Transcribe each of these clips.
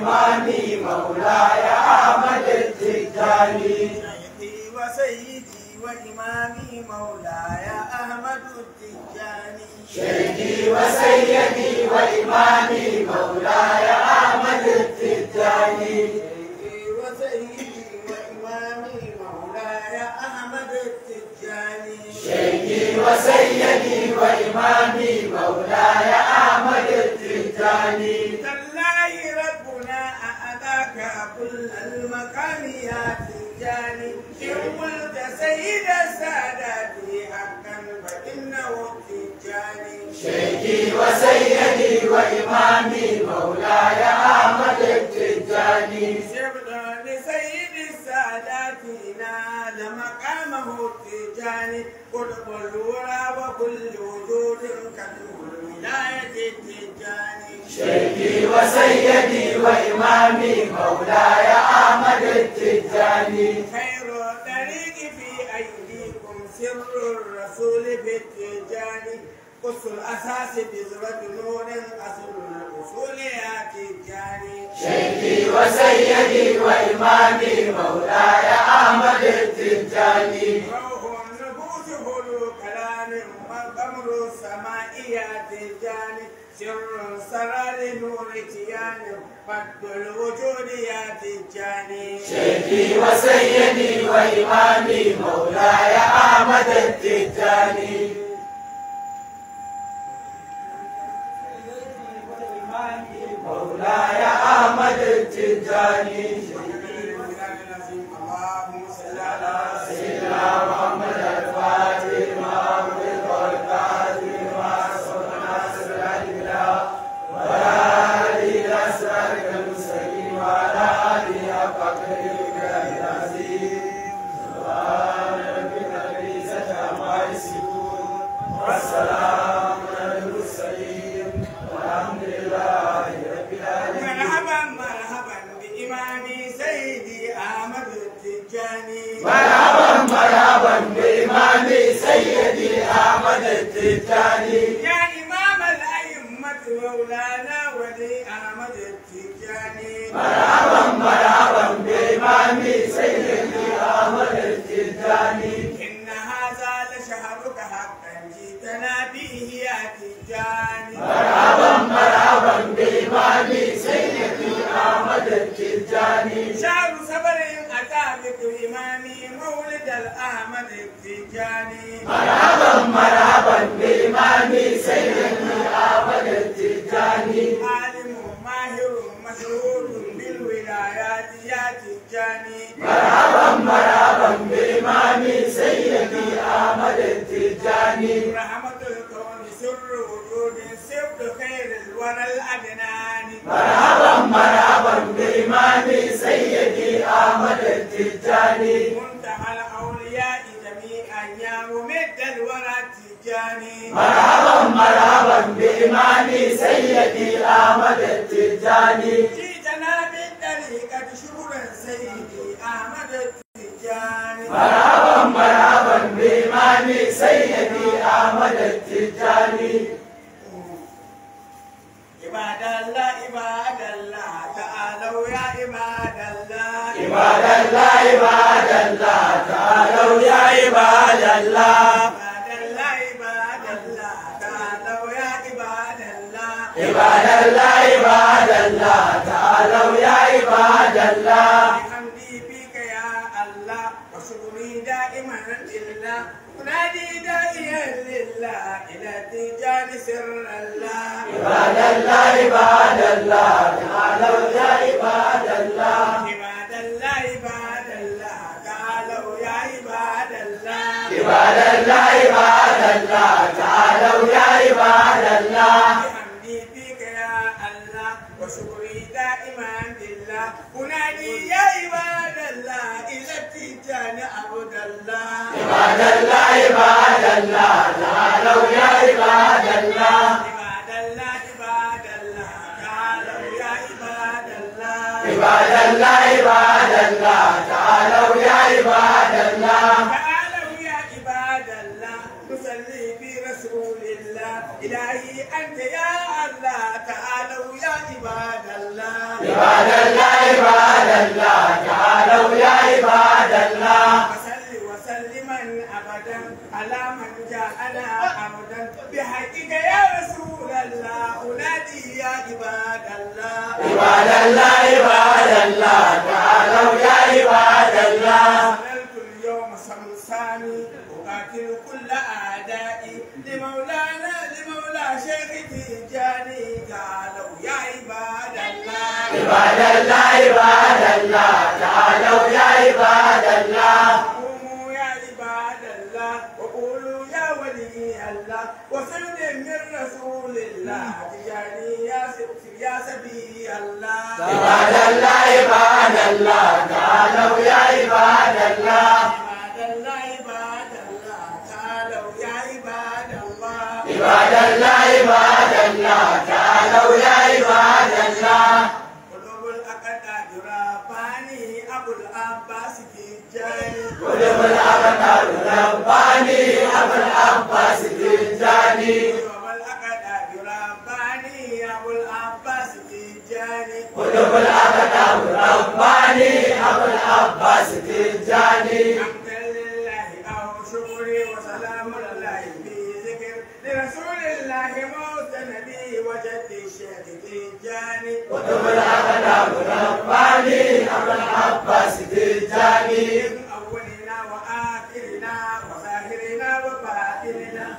وإمامي مولاي أحمد التجاني وسيدي وإمامي مولاي أحمد التجاني شيخي وسيدي وإمامي مولاي أحمد التجاني وسيدي وإمامي مولاي أحمد التجاني كل المقام يا تجاني إن قلت سيد ساداتي حقا فإنه تجاني شيخي وسيدي وإمامي مولاي أحمد التجاني سبحان سيد ساداتنا لمقامه التجاني قطب الورى وكل وجود كالمولى مولاي تجاني شيخي وسيدي وإمامي مولاي أحمد التجاني خير طريق في أيديكم سر الرسول بالتجاني قص الأساس بذرة نور أصل الأصول يا تجاني شيخي وسيدي وإمامي مولاي أحمد التجاني روح النبوس هلو كلام والقمر السمائيات الجانب سر سرار نور تيان قد الوجوديات الجاني شيخي وسيدي وإمامي مولاي أحمد التجاني مولاي أحمد التجاني اللهم صل على سيدنا محمد الفاتح مرحبا مرحبا بإمامي سيدي أحمد التجاني إن هذا لشهرك حقا جئتنا به يا تجاني مرحبا مرحبا بإمامي سيدي أحمد التجاني شهر صبر أتابك إمامي مولد الأحمد التجاني مرحبا مرحبا بإمامي سيدي أحمد التجاني عالم ماهر مشهور الآيات يا تجاني مرحبا مرحبا بإمامي سيدي أحمد التجاني رحمة الكون سر وجود سبت خير الورى الأدنان مرحبا مرحبا بإمامي سيدي أحمد التجاني منتهى الأولياء جميعا يا ممد الورى التجاني مرحبا مرحبا بإمامي سيدي أحمد التجاني Maraban maraban limani sayyidi Ahmad al-Tijani Ibadallah ibadallah ta'alaw ya ibadallah Ibadallah ibadallah ta'alaw ya ibadallah عباد الله عباد الله تعالوا يا عباد الله عباد الله عباد الله تعالوا يا عباد الله عباد الله عباد الله تعالوا يا عباد الله بحمدي فيك يا الله وشكري دائما لله أنادي يا عباد الله إلى التيجان عبد الله عباد الله عباد الله تعالوا يا عباد الله الله عباد الله تعالوا يا عباد الله تعالوا يا عباد الله نصلي في الله إلهي أنت يا الله تعالوا يا عباد الله عباد الله عباد الله تعالوا يا عباد الله على من جاءنا ابدا بحقك يا رسول الله انادي يا عباد الله عباد الله عباد عباد الله تعالوا يا عباد الله اليوم صمصامي أقاتل كل أعدائي لمولانا لمولى شيخ تيجاني تعالوا يا عباد الله عباد الله عباد الله تعالوا يا عباد الله قوموا يا عباد الله وقولوا يا ولي الله وسلم من رسول الله تجاني يا سبتي ya sabi Allah. Ibadallah, ibadallah, kalau ya ibadallah. Ibadallah, ibadallah, kalau ya ibadallah. Kudubul akata jurabani abul abbas dijai. Kudubul akata jurabani abul abbas قلوب الأبد الرباني أبو العباس تجاني حمد لله أو شكري وسلام الله في ذكر لرسول الله موت النبي وجد الشيخ تجاني قلوب الأبد الرباني أبو العباس تجاني أولنا وآخرنا وظاهرنا وباطننا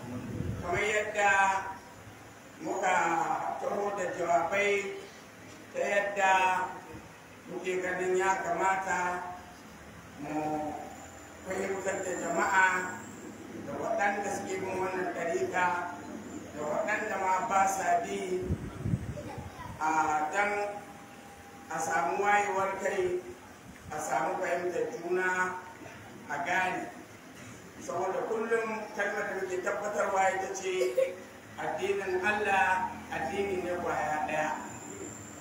kamar yadda muka taho da jawabai ta yadda muke ganin ya kamata mu fahimtar da jama'a da waɗanda suke bin wannan ɗarika da waɗanda ma ba sa bi a dan a samu wayewar kai a samu fahimtar juna a gane saboda kullum kalmar da muke tabbatarwa ita ce addinin Allah addini ne kwaya ɗaya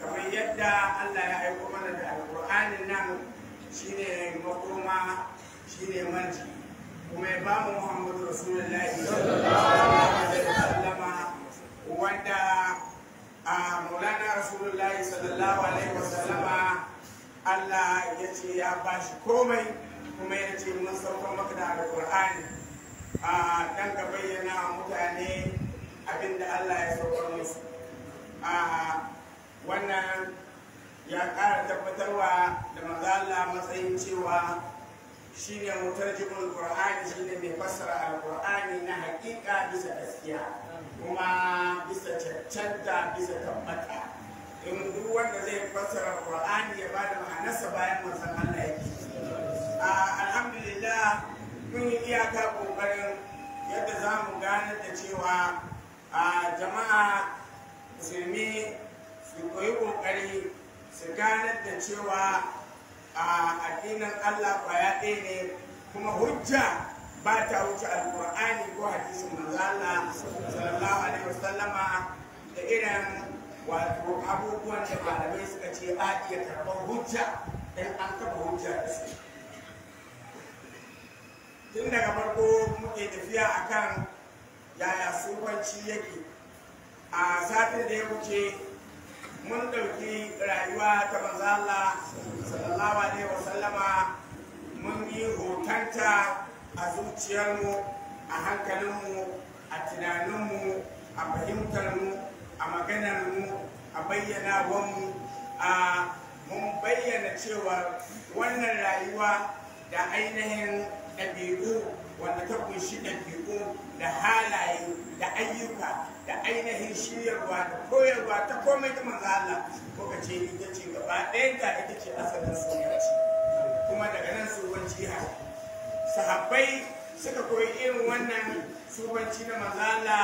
kamar yadda Allah ya aiko mana da alƙur'anin nan shine makoma shine manji kuma ya ba mu Muhammadu Rasulullahi sallallahu wanda a Maulana Rasulullahi sallallahu alaihi wasallama Allah ya ce ya bashi komai kuma ya ce mun sauka maka da alƙur'ani a dan ka bayyana mutane abin da Allah ya sauka musu a wannan ya ƙara tabbatarwa da mazala matsayin cewa shi ne mutarjibin ƙur'ani shi ne mai fassara alƙur'ani na haƙiƙa bisa gaskiya kuma bisa cancanta bisa tabbata in duk wanda zai fassara Alƙur'ani ya ba da ma'anarsa bayan manzon Allah ya ke alhamdulillah mun yi iyaka kokarin yadda za mu ganar da cewa a jama'a musulmi su koyi kokari su ganar da cewa a addinin allah kwaya ɗaya ne kuma hujja ba ta wuce alƙur'ani ko hadisin manzo sallallahu alaihi wasallama da irin wato abubuwan da malamai suka ce a iya karɓar hujja in an kafa hujja da su tun daga farko muke tafiya a kan yaya sufanci yake a satin da ya wuce mun ɗauki rayuwa ta manzala sallallahu alaihi sallama mun yi hotonta a zuciyarmu a hankalinmu a tunaninmu a fahimtarmu a maganarmu a bayyana bayyanawarmu a mun bayyana cewa wannan rayuwa da ainihin ɗabi'u wanda ta kunshi ɗabi'u da halaye da ayyuka da ainihin shiryarwa da koyarwa ta komai ta manzo Allah ko ce ita ce gaba ɗayanta ita ce asalin sunanci kuma daga nan tsohon jiha sahabbai suka koyi irin wannan tsohonci na manzo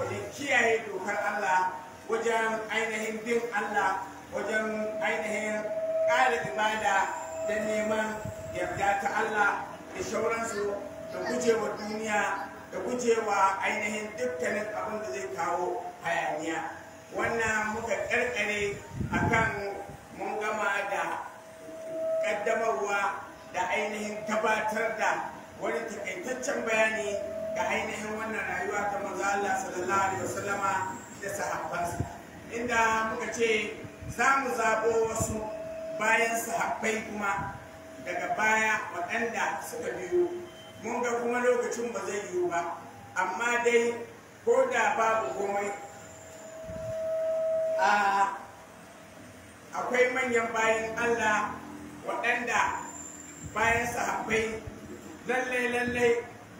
wajen kiyaye dokar Allah wajen ainihin bin Allah wajen ainihin ƙara ibada da neman yarda ta Allah da shauransu da gujewa duniya da gujewa ainihin dukkanin abin da zai kawo hayaniya wannan muka karkare akan mun gama da ƙaddamarwa da ainihin gabatar da wani takaitaccen bayani ga ainihin wannan rayuwa ta Allah sallallahu alaihi wasallama da sahabbansa inda muka ce za mu zaɓo wasu bayan sahabbai kuma daga baya waɗanda suka biyo mun ga kuma lokacin ba zai yiwu ba amma dai ko da babu komai akwai manyan bayan allah waɗanda bayan sahabbai lallai lallai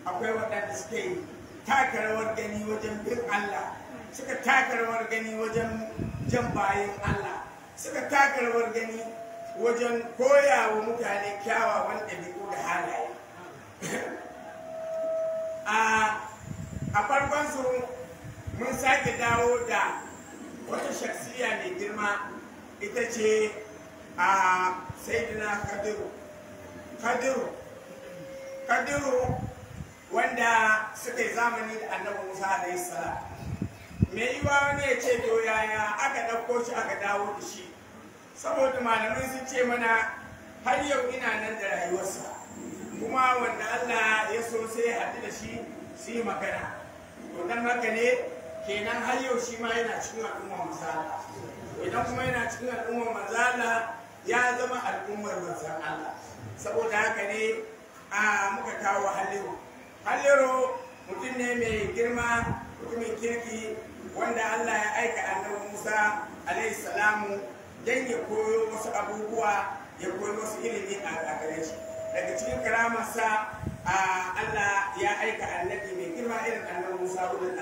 akwai waɗanda suke yi takarawar gani wajen bin allah suka takarawar gani wajen jan bayan allah suka taka gani wajen koya wa mutane kyawawan ɗabi'u da halaye a farkon su mun sake dawo da wata shaksiya mai girma ita ce a saidina kadiru kadiru kadiru wanda suka yi zamani da annabi musa alayhi salam me wa wani ya ce doya ya? aka ɗauko shi aka dawo da shi saboda malamai sun ce mana har yau ina nan da rayuwarsa kuma wanda Allah ya so sai ya haɗu da shi su yi magana to dan haka ne kenan har yau shi ma yana cikin al'ummar manzala idan kuma yana cikin al'ummar manzala ya zama al'ummar manzan Allah saboda haka ne a muka kawo halliru halliru mutum ne mai girma mutumin kirki wanda Allah ya aika annabi Musa alaihi salamu don ya koyo wasu abubuwa ya koyo masu ilimi a gare shi daga cikin karamarsa Allah ya aika annabi mai girma irin annabi Musa ibn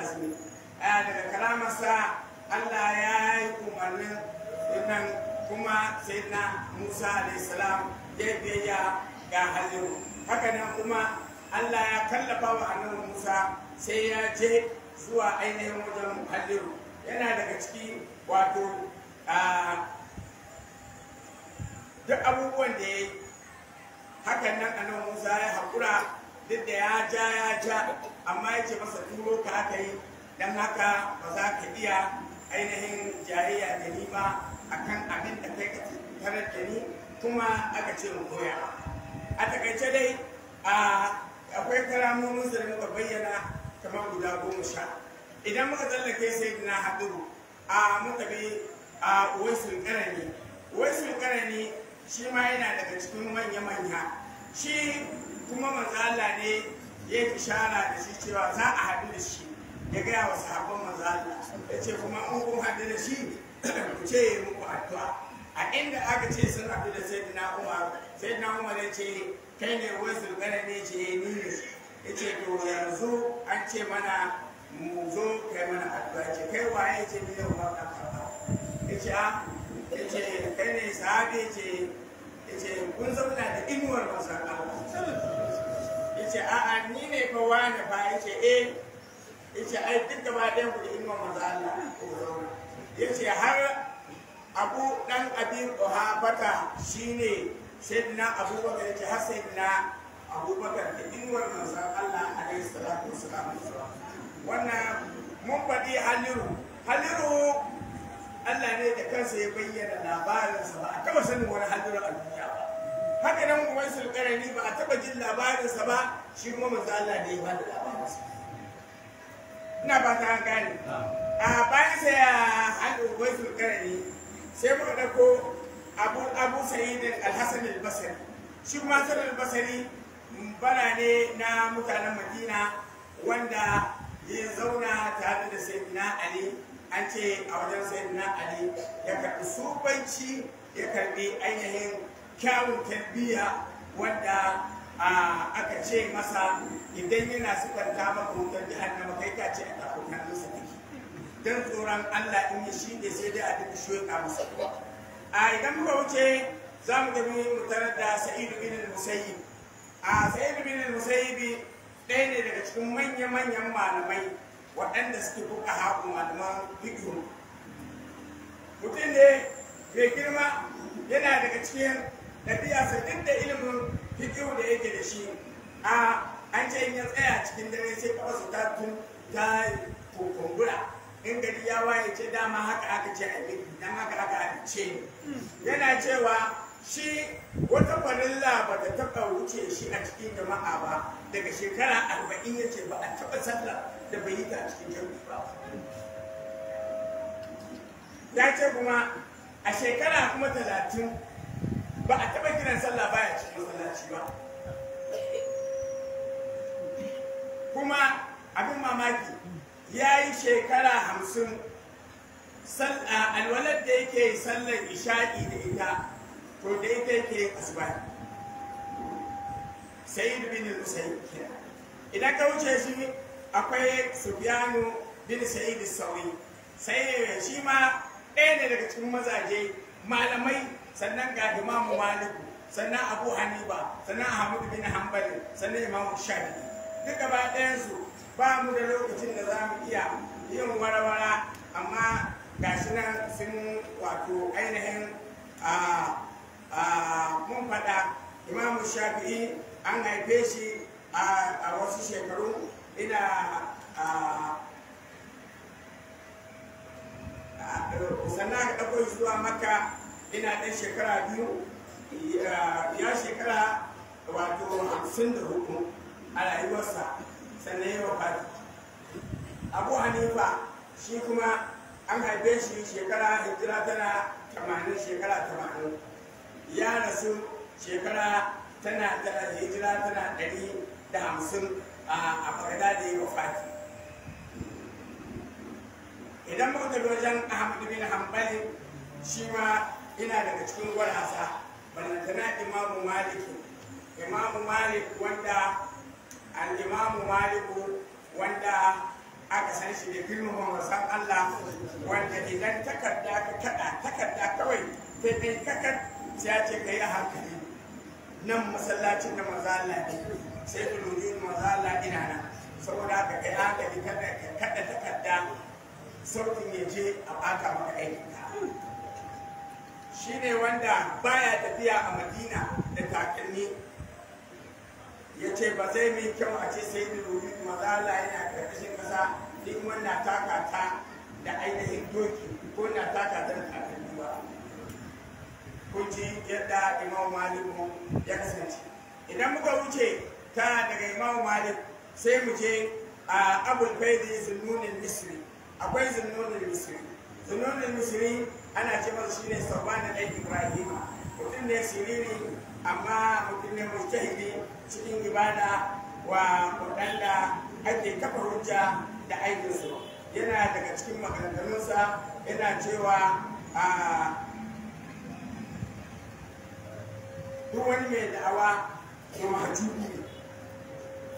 A daga karamarsa Allah ya yi umarnin nan kuma sai na Musa da salam ya biya ga Haliru Hakanan kuma Allah ya kallafa wa annabi Musa sai ya je zuwa ainihin wajen Haliru yana daga ciki wato a duk abubuwan da ya yi hakan nan a nan musa ya haƙura duk da ya ja ya ja amma ya ce masa turo ka aka yi don haka ba za ka iya ainihin jayayya da ni ba akan abin da kai ka tarar da ni kuma aka ce mu koya a takaice dai akwai karamomin da muka bayyana kamar guda goma sha idan muka tsallake sai na haɗuru a muka bi a wasu karani wasu karani shi ma yana daga cikin manya-manya shi kuma manzo Allah ne ya shara da shi cewa za a haɗu da shi ya gaya wa sahabban manzo Allah ya kuma an kun haɗu da shi ku ce ya muku addu'a a inda aka ce sun haɗu da sayyidina Umar sayyidina Umar ya ce kai ne wasu gane ne ce eh, ni ne ya ce to yanzu an ce mana mu zo kai mana addu'a ce kai waye ce ni yau ba ka ya ce a ah, ya ce kai ne sahabi ya ce ya ce kun zauna da inuwar manzon Allah ya ce a'a ni ne fa wani fa ya ce eh ya ce ai duk gaba ɗayan ku da inuwar manzon Allah ya ce har abu ɗan abin ohabata shi ne sayyidina abubakar ya ce har sayyidina abubakar da inuwar manzon Allah alaihi salatu wasalam wannan mun faɗi haliru haliru Allah ne da kansa ya bayyana labarinsa ba a taba sanin wani hadirin al'umma ba haka nan uban sulkarani ba a taba jin labarinsa ba shi kuma manzo Allah ne ya bada labarinsa ina ba ta gane a bayan sa ya hadu uban sulkarani sai mu dauko Abu Abu Sa'id al-Hasan al-Basri shi kuma Hasan al-Basri bana ne na mutanen Madina wanda ya zauna tare da Sayyidina Ali an ce a wajen na ali ya karbi sufanci ya karbi ainihin kyawun tarbiyya wanda aka ce masa idan yana sukanta maka wutar hannu makai ta ce a tafukan nisa don tsoron allah in ya shi ne sai dai a duk ya musu a idan muka wuce za mu tafi mu tarar da sa'idu bin musayi a sa'idu bin bi ɗaya ne daga cikin manya-manyan malamai waɗanda suke buka haƙun malaman hikiru mutum ne mai girma yana daga cikin ɗabi'arsa duk da ilimin hikiru da yake da shi a an ce in ya tsaya cikin dare sai su ta tun ta kumbura in gari ya waye ce dama haka aka ce a yi dan haka aka a ce yana cewa shi wata farilla ba ta taɓa wuce shi a cikin jama'a ba daga shekara arba'in ya ce ba a taɓa sallah da bai yi ta cikin jami'i ba ya ce kuma a shekara kuma talatin ba a taɓa kiran sallah baya cikin masallaci ba kuma abin mamaki ya yi shekara hamsin alwalar da yake sallar isha'i da ita to da ita yake asuba sai bin al-usayn idan ka wuce shi akwai sufyanu bin sa'id sauri sai shi ma ɗaya ne daga cikin mazaje malamai sannan ga imamu maliku sannan abu hanifa sannan ahmad bin hanbali sannan imamu shafi'i ba gaba ɗayansu ba mu da lokacin da za mu iya yin warawara amma gashi nan sun wato ainihin mun faɗa imamu shafi'i an haife shi a wasu shekaru ina sannan aka ɗauko zuwa maka ina ɗan shekara biyu ya shekara wato hamsin da hudu a rayuwarsa sannan ya wafati abu hanifa shi kuma an haife shi shekara hijira tana tamanin shekara tamanin ya rasu shekara tana hijira tana ɗari da hamsin a bagada da yi wa fati idan muka tafi wajen ahmad bin hanbali shi ma ina daga cikin gwarasa balantana imamu maliku imamu malik wanda al-imamu maliku wanda aka san shi da girmama wasan Allah wanda idan takarda ka kada takarda kawai sai kai kakar ya ce ka yi a hankali nan masallacin da maza Allah ne sai ku lura mu Allah ina nan saboda haka kai hankali kada ka kada takarda sautin ya je a baka maka aiki. ka ne wanda baya tafiya a Madina da takalmi ya ce ba zai mai kyau a ce sai da lura mu Allah yana karkashin kasa duk wannan taka da ainihin doki ko na taka dan takalmi ba kun ji yadda Imam Malik ya kasance idan muka wuce ta daga imamu malik sai mu je a abul faidi zununin misri akwai zununin misri zununin misri ana ce masa shine sabana ɗan ibrahim mutum ne siriri amma mutum ne mujtahidi cikin ibada wa waɗanda ake kafa hujja da aikin su. yana daga cikin makarantarunsa yana cewa a duk wani mai da'awa ke mahajubi ne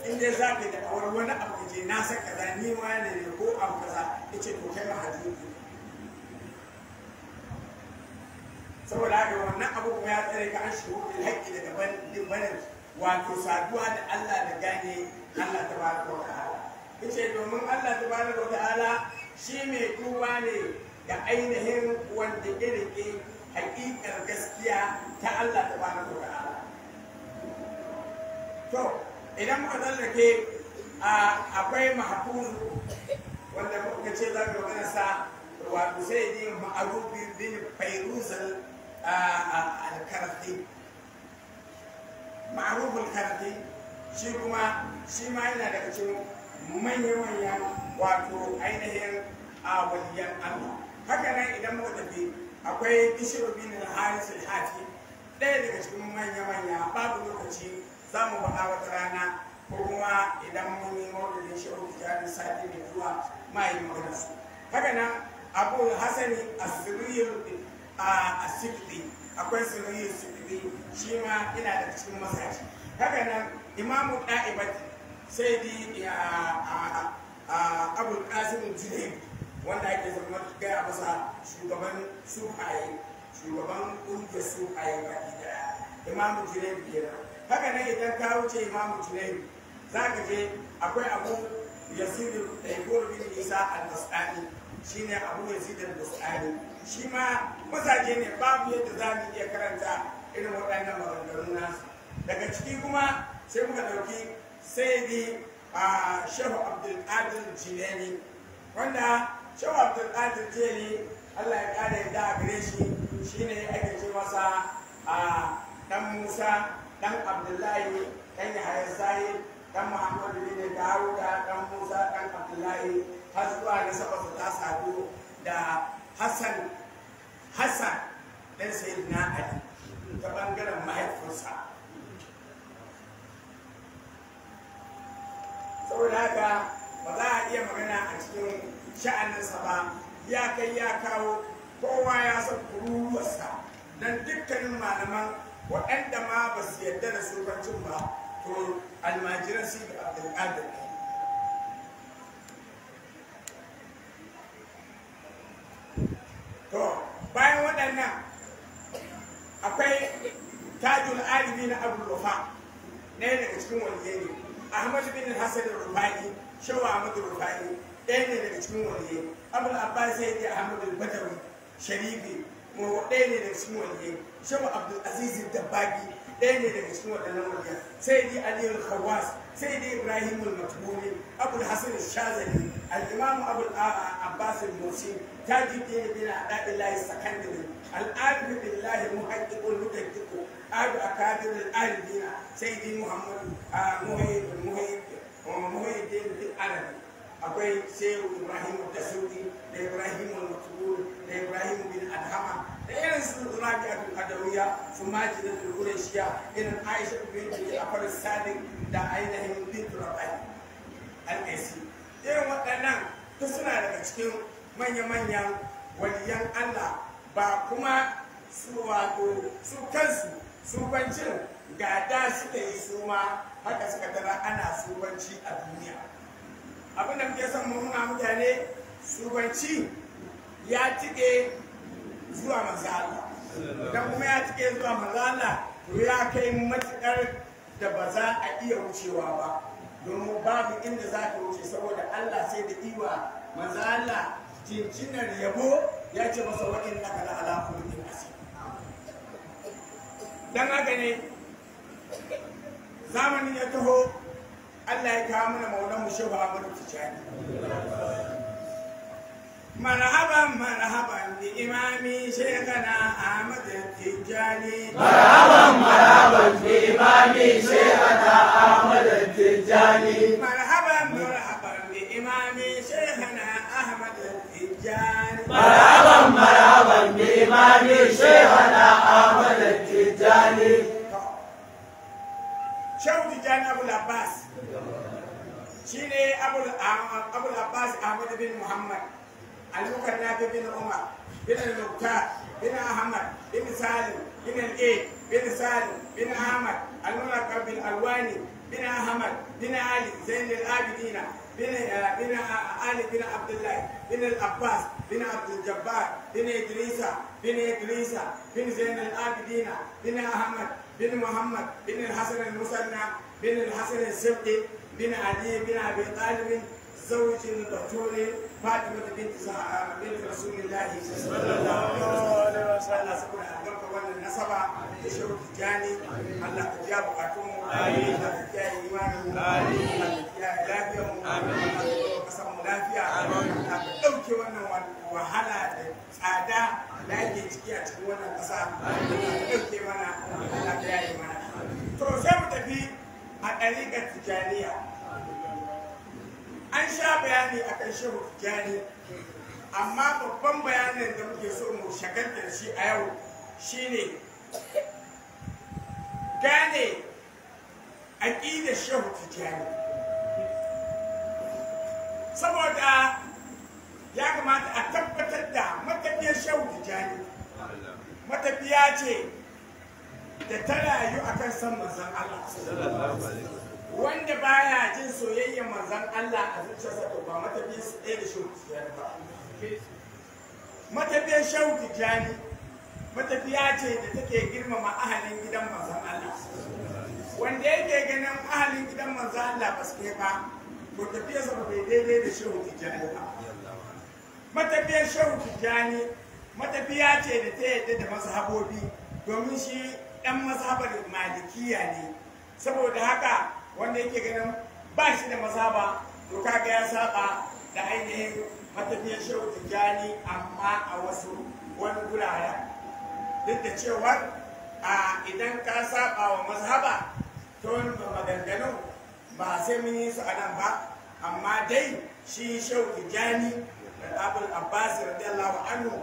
in dai za ka yi da kawar wani abu ka je na san kaza ni ma ne ne ko abu kaza ya ce to kai ma hadisi saboda haka wannan abu kuma ya tsare ka an shigo bil haƙƙi daga banin wato saduwa da Allah da gane Allah ta baraka wa ta'ala ce domin Allah ta baraka wa ta'ala shi mai tuba ne ga ainihin wanda ya rike haƙiƙar gaskiya ta Allah ta ba wa ta'ala to idan muka tsallake akwai mahafuz wanda muka ce za mu gina sa wato sai yi ma'arufi bin fairuzal al shi kuma shi ma yana daga cikin manya-manyan wato ainihin a waliyan Allah haka nan idan muka tafi akwai bishiru na al-haris ɗaya daga cikin manya-manya babu lokaci za mu faɗa wata rana ko kuma idan mun yi maulidin shehu tijjani sati mai zuwa ma yi magana su haka nan abu hasani asiriyar a sikri akwai siriyar sikri shi ma ina da cikin masaji haka nan imamu ɗa'ibati sai di abu ƙasim jide wanda ake zama gaya masa shugaban sufaye shugaban ƙungiyar sufaye ba da imamu jide biyar haka nan idan ka wuce imamu junaidu za ka je akwai abu ya yasiru ɗaibuwar bin isa al-nasani shi ne abu yasiru da nasani shi ma mazaje ne babu yadda za mu iya karanta irin waɗannan maganganu nasu daga ciki kuma sai muka ɗauki sayyidi a shehu abdulkadir jilani wanda shehu abdulkadir jilani allah ya ƙara yadda a gare shi shine ake ce masa a ɗan musa dan abdullahi dan yahaya dan muhammadu ne dawuda dan musa dan abdullahi har zuwa na ta sadu da hassan hassan dan sayyidina ali ta bangaren mahaifinsa saboda haka ba za a iya magana a cikin sha'aninsa ba ya kai ya kawo kowa ya san kururuwarsa don dukkanin malaman waɗanda ma ba su yarda da sufancin ba to almajiran su da abdulkadir to bayan waɗannan akwai tajul alibi na abu rufa ɗaya daga cikin waliyai ne ahmad bin hasan rufai shawa ahmad rufai ɗaya ne daga cikin waliyai abu abbas ya yi ahmad al-badawi sharifi kuma ɗaya ne daga cikin waliyan shabu abdul aziz dabbagi ɗaya ne daga cikin waɗannan waliyan sai dai aliyu khawas sai dai ibrahim al-matbuni abul hasan shazali al-imam abul abbas al-musi tajiddin bin adadillahi sakandari al-arif billahi muhaqqiqul mutaqqiqu abu akadir al-arifina sai dai muhammad muhayyid muhayyid muhayyid al-arabi akwai shehu ibrahim dasuri da ibrahim al-matrul da ibrahim bin adhama da irin su ga abin adawiya su maji da shiya irin aisha binti farin sadin da ainihin bint rabai al irin waɗannan ta suna daga cikin manya-manyan waliyan allah ba kuma su wato su kansu su kwancin ga da suka yi su ma haka suka tara ana subanci a duniya abin da muke son mu nuna mutane shugabanci ya cike zuwa manzo Allah kuma ya cike zuwa maza Allah to ya kai matukar da ba za a iya wucewa ba domin babu inda za ka wuce saboda Allah sai da iwa maza Allah cincinar yabo ya ce masa wa'in na kala ala kullin asir dan haka ne zamanin ya taho الله يكامل kawo mana عبر mu مرحبا مرحبا بإمامي شيخنا أحمد التجاني مرحبا مرحبا بإمامي شيخنا أحمد التجاني مرحبا مرحبا بإمامي شيخنا أحمد التجاني مرحبا مرحبا بإمامي شيخنا أحمد التجاني شو تجاني أبو العباس shi ne abul abbas ahmad bin muhammad al nafi bin umar bin al-muktar bin ahmad bin salim bin al bin salim bin ahmad al-mulaqab bin alwani bin ahmad bin ali zain al-abidina بن بن علي بن عبد الله bin العباس بن عبد الجبار بن ادريس بن ادريس بن Abidina, bin Ahmad, bin Muhammad, bin بن الحسن المسنى بن الحسن السبتي بن علي بن أبي طالب زوج الرسول فاطمة بنت بنت رسول الله صلى الله عليه وسلم سبحان الله وأن النسب يشعر تجاني الله تجاه بقاتهم الله تجاه إيمانهم الله تجاه لافيهم الله تجاه قسم لافيا الله تدوك وأن وهلا tsada da ake ciki a cikin wannan ƙasa Allah ta ɗauke mana Allah ta yaye mana to sai mu tafi a ɗariƙar tijaniya an sha bayani a shahu shehu amma babban bayanin da muke so mu shakantar shi a yau shine gane aƙidar shehu tijani saboda ya kamata a tabbatar da matafiyar shehu tijani matafiya ce da ta rayu a kan san manzan Allah wanda baya jin soyayyar manzan Allah a zuciyarsa to ba matafi su ɗaya da shauƙiyar ba matafiyar shauƙi jani matafiya ce da take girmama ahalin gidan manzan Allah wanda yake ganin ahalin gidan manzan Allah ba su kai ba to tafiyarsa ba bai daidai da shauƙi jani ba matafiyar shauƙi jani matafiya ce da ta yadda da mazhabobi domin shi ɗan mazhabar malikiya ne saboda haka wanda yake ganin ba shi da mazhaba to kaga ya saba da ainihin matafiyar shehu tijjani amma a wasu wani gurare duk da cewa a idan ka saba wa mazhaba to maganganun ba sai mun yi su a nan ba amma dai shi shehu tijjani abul abbas radiyallahu anhu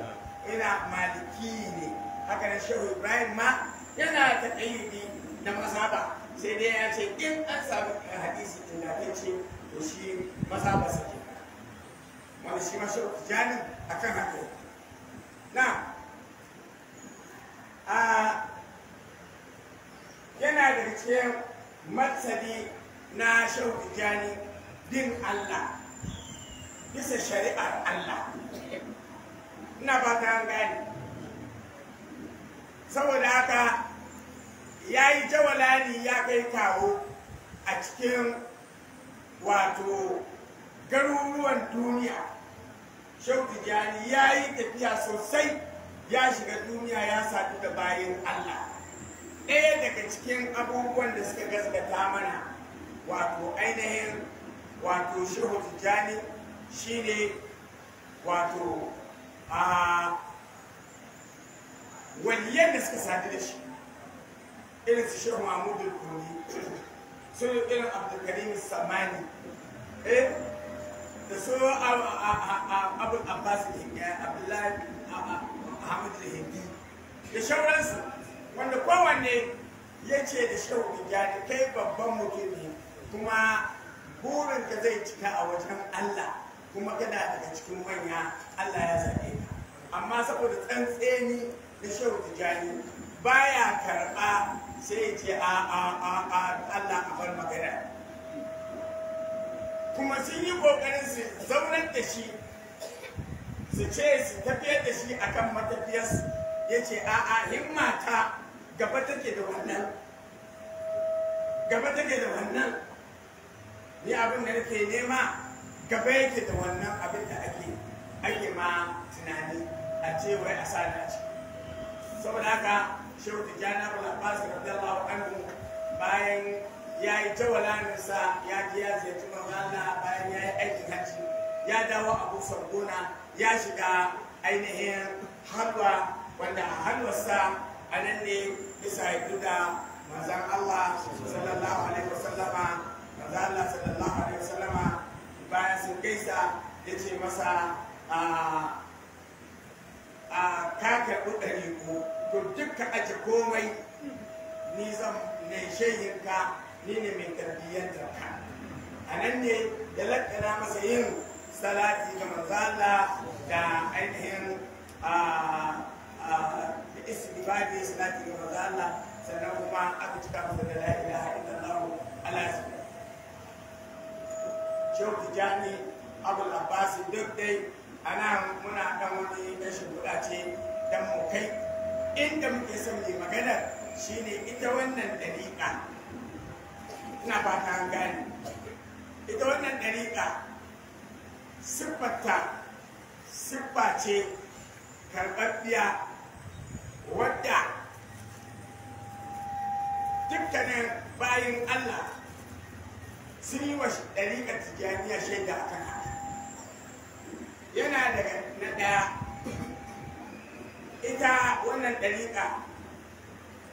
ina maliki ne haka ne shehu ibrahim ma yana ta ƙayyubi na masaba sai dai ya ce in an samu hadisi ingantacce to shi masaba su ke wani shi ma jani a kan haka na a yana da cikin matsali na shauku jani din Allah bisa shari'ar Allah ina ba ta gani saboda haka ya yi jawalani ya kai kawo a cikin wato garuruwan duniya shauki tijjani ya yi tafiya sosai ya shiga duniya ya sadu da bayan allah ɗaya daga cikin abubuwan da suka gaskata mana wato ainihin wato shehu tijjani shine wato a ah, Wani yadda suka sadu da shi irin su shehu mahmudu Sun yi irin abdulkarim samani eh da su ah, ah, ah, abul abbas abdullahi ahmadu hindi da shauransu wanda kowanne ya ce da shehu da kai babban mutum ne kuma burinka zai cika a wajen allah kuma kana daga cikin manya allah ya zaɓe ka amma saboda tsantseni na shehu tijani baya karɓa sai ya ce a a a a Allah a bar magana kuma sun yi ƙoƙarin su zaunar da shi su ce su tafiyar da shi akan matafiyar ya ce a a himmata gaba take da wannan gaba take da wannan ni abin da nake nema gaba yake da wannan abin da ake ake ma tunani a ce wai a sa ciki saboda haka shehu tijjani abu labbas radiyallahu anhu bayan ya yi jawalaninsa ya ji ya ziyarci manzana bayan ya yi aikin hajji ya dawo abu sargona ya shiga ainihin halwa wanda a halwarsa a nan ne bisa yadda da manzan Allah sallallahu alaihi wasallama manzan Allah sallallahu alaihi wasallama bayan sun gaisa ya ce masa ah, ah, a kake ɗari ko to dukka ake komai ni zan ne shehinka ni ne mai da ka a nan ne ya lakana masa yin salati ga manzala da ainihin da salati ga manzala sannan kuma aka cika masa da la ilaha illallah ala Shehu Tijjani Abul Abbas duk dai a muna ɗan wani ɗan shimfiɗa ce dan mu kai inda muke son mai maganar shine ita wannan dariƙa. ina fata an gane ita wannan dariƙa, siffarta siffa ce karɓaɓɓiya wadda dukkanin bayan Allah sun yi wa ɗariƙar tijjaniya shaida a kan yana daga na ɗaya ita wannan ɗariƙa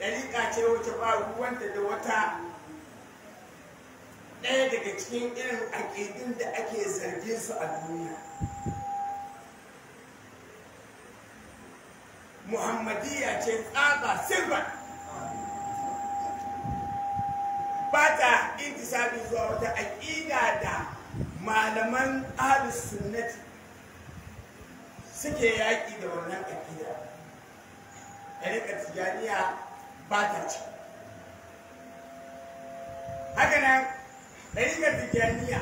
ɗariƙa ce wacce ba ruwanta da wata ɗaya daga cikin irin aƙidun da ake zargin su a duniya muhammadiyya ce tsaba sirban ba ta intisabi zuwa wata aƙida da malaman ahlus sunnati suke yaƙi da wannan aƙida ɗariƙar tijaniya ba ta ci haka nan tijaniya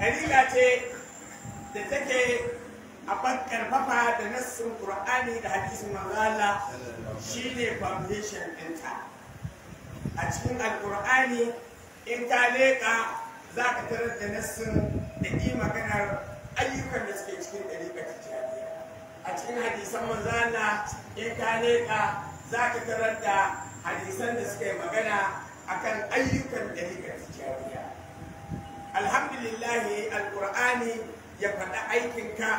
ɗariƙa ce da take a karfafa da nassun ƙur'ani da hadisin manzala shi ne foundation ɗinta a cikin alƙur'ani in ta leƙa za ka tarar da nassun da yi maganar ayyukan da suke cikin ɗariƙar tijaniya a cikin hadisan manzo Allah in ka za ka tarar da hadisan da suka yi magana akan ayyukan da nika tijariya alhamdulillah alqur'ani ya faɗa aikinka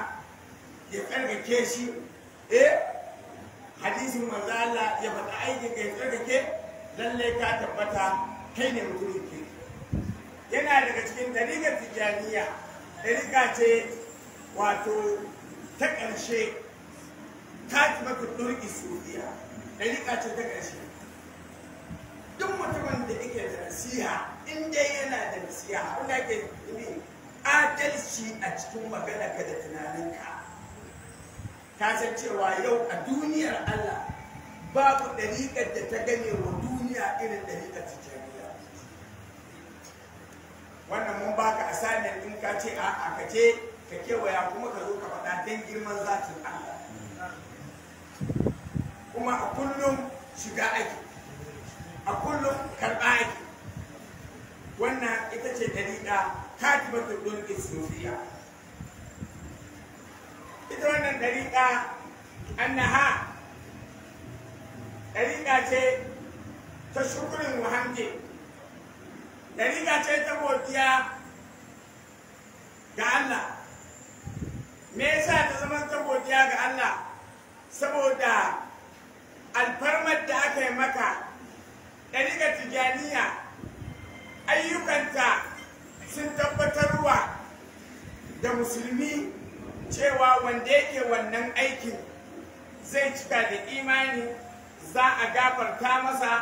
ya tsarkake shi eh hadisin manzo Allah ya faɗa aikinka ya tsarkake lalle ka tabbata kai ne mutumin ke yana daga cikin dariƙar tijaniya dalika ce wato ta ƙarshe katimatu ɗurki da ɗariƙa ce ta ƙarshe duk mutumin da yake da nasiha in dai yana da nasiha wanda ke ne adalci a cikin ka da tunaninka ta san cewa yau a duniyar Allah babu ɗariƙar da ta gane wa duniya irin ɗariƙar tijjaniya wannan mun baka asanin in ka ce a ka ce ka kewaya kuma ka zo ka faɗa don girman zatin Allah kuma a kullum shiga ake a kullum karɓa ake wannan ita ce ta dariƙa katibatul dun isnufiya ita wannan an na annaha dariƙa ce ta shukurin muhamdi dariƙa ce ta godiya ga Allah me yasa ta zama ta godiya ga Allah saboda alfarmar da aka yi maka ɗariga tijaniya ayyukanta sun tabbatarwa da musulmi cewa wanda yake wannan aikin zai cika da imani za a gafarta masa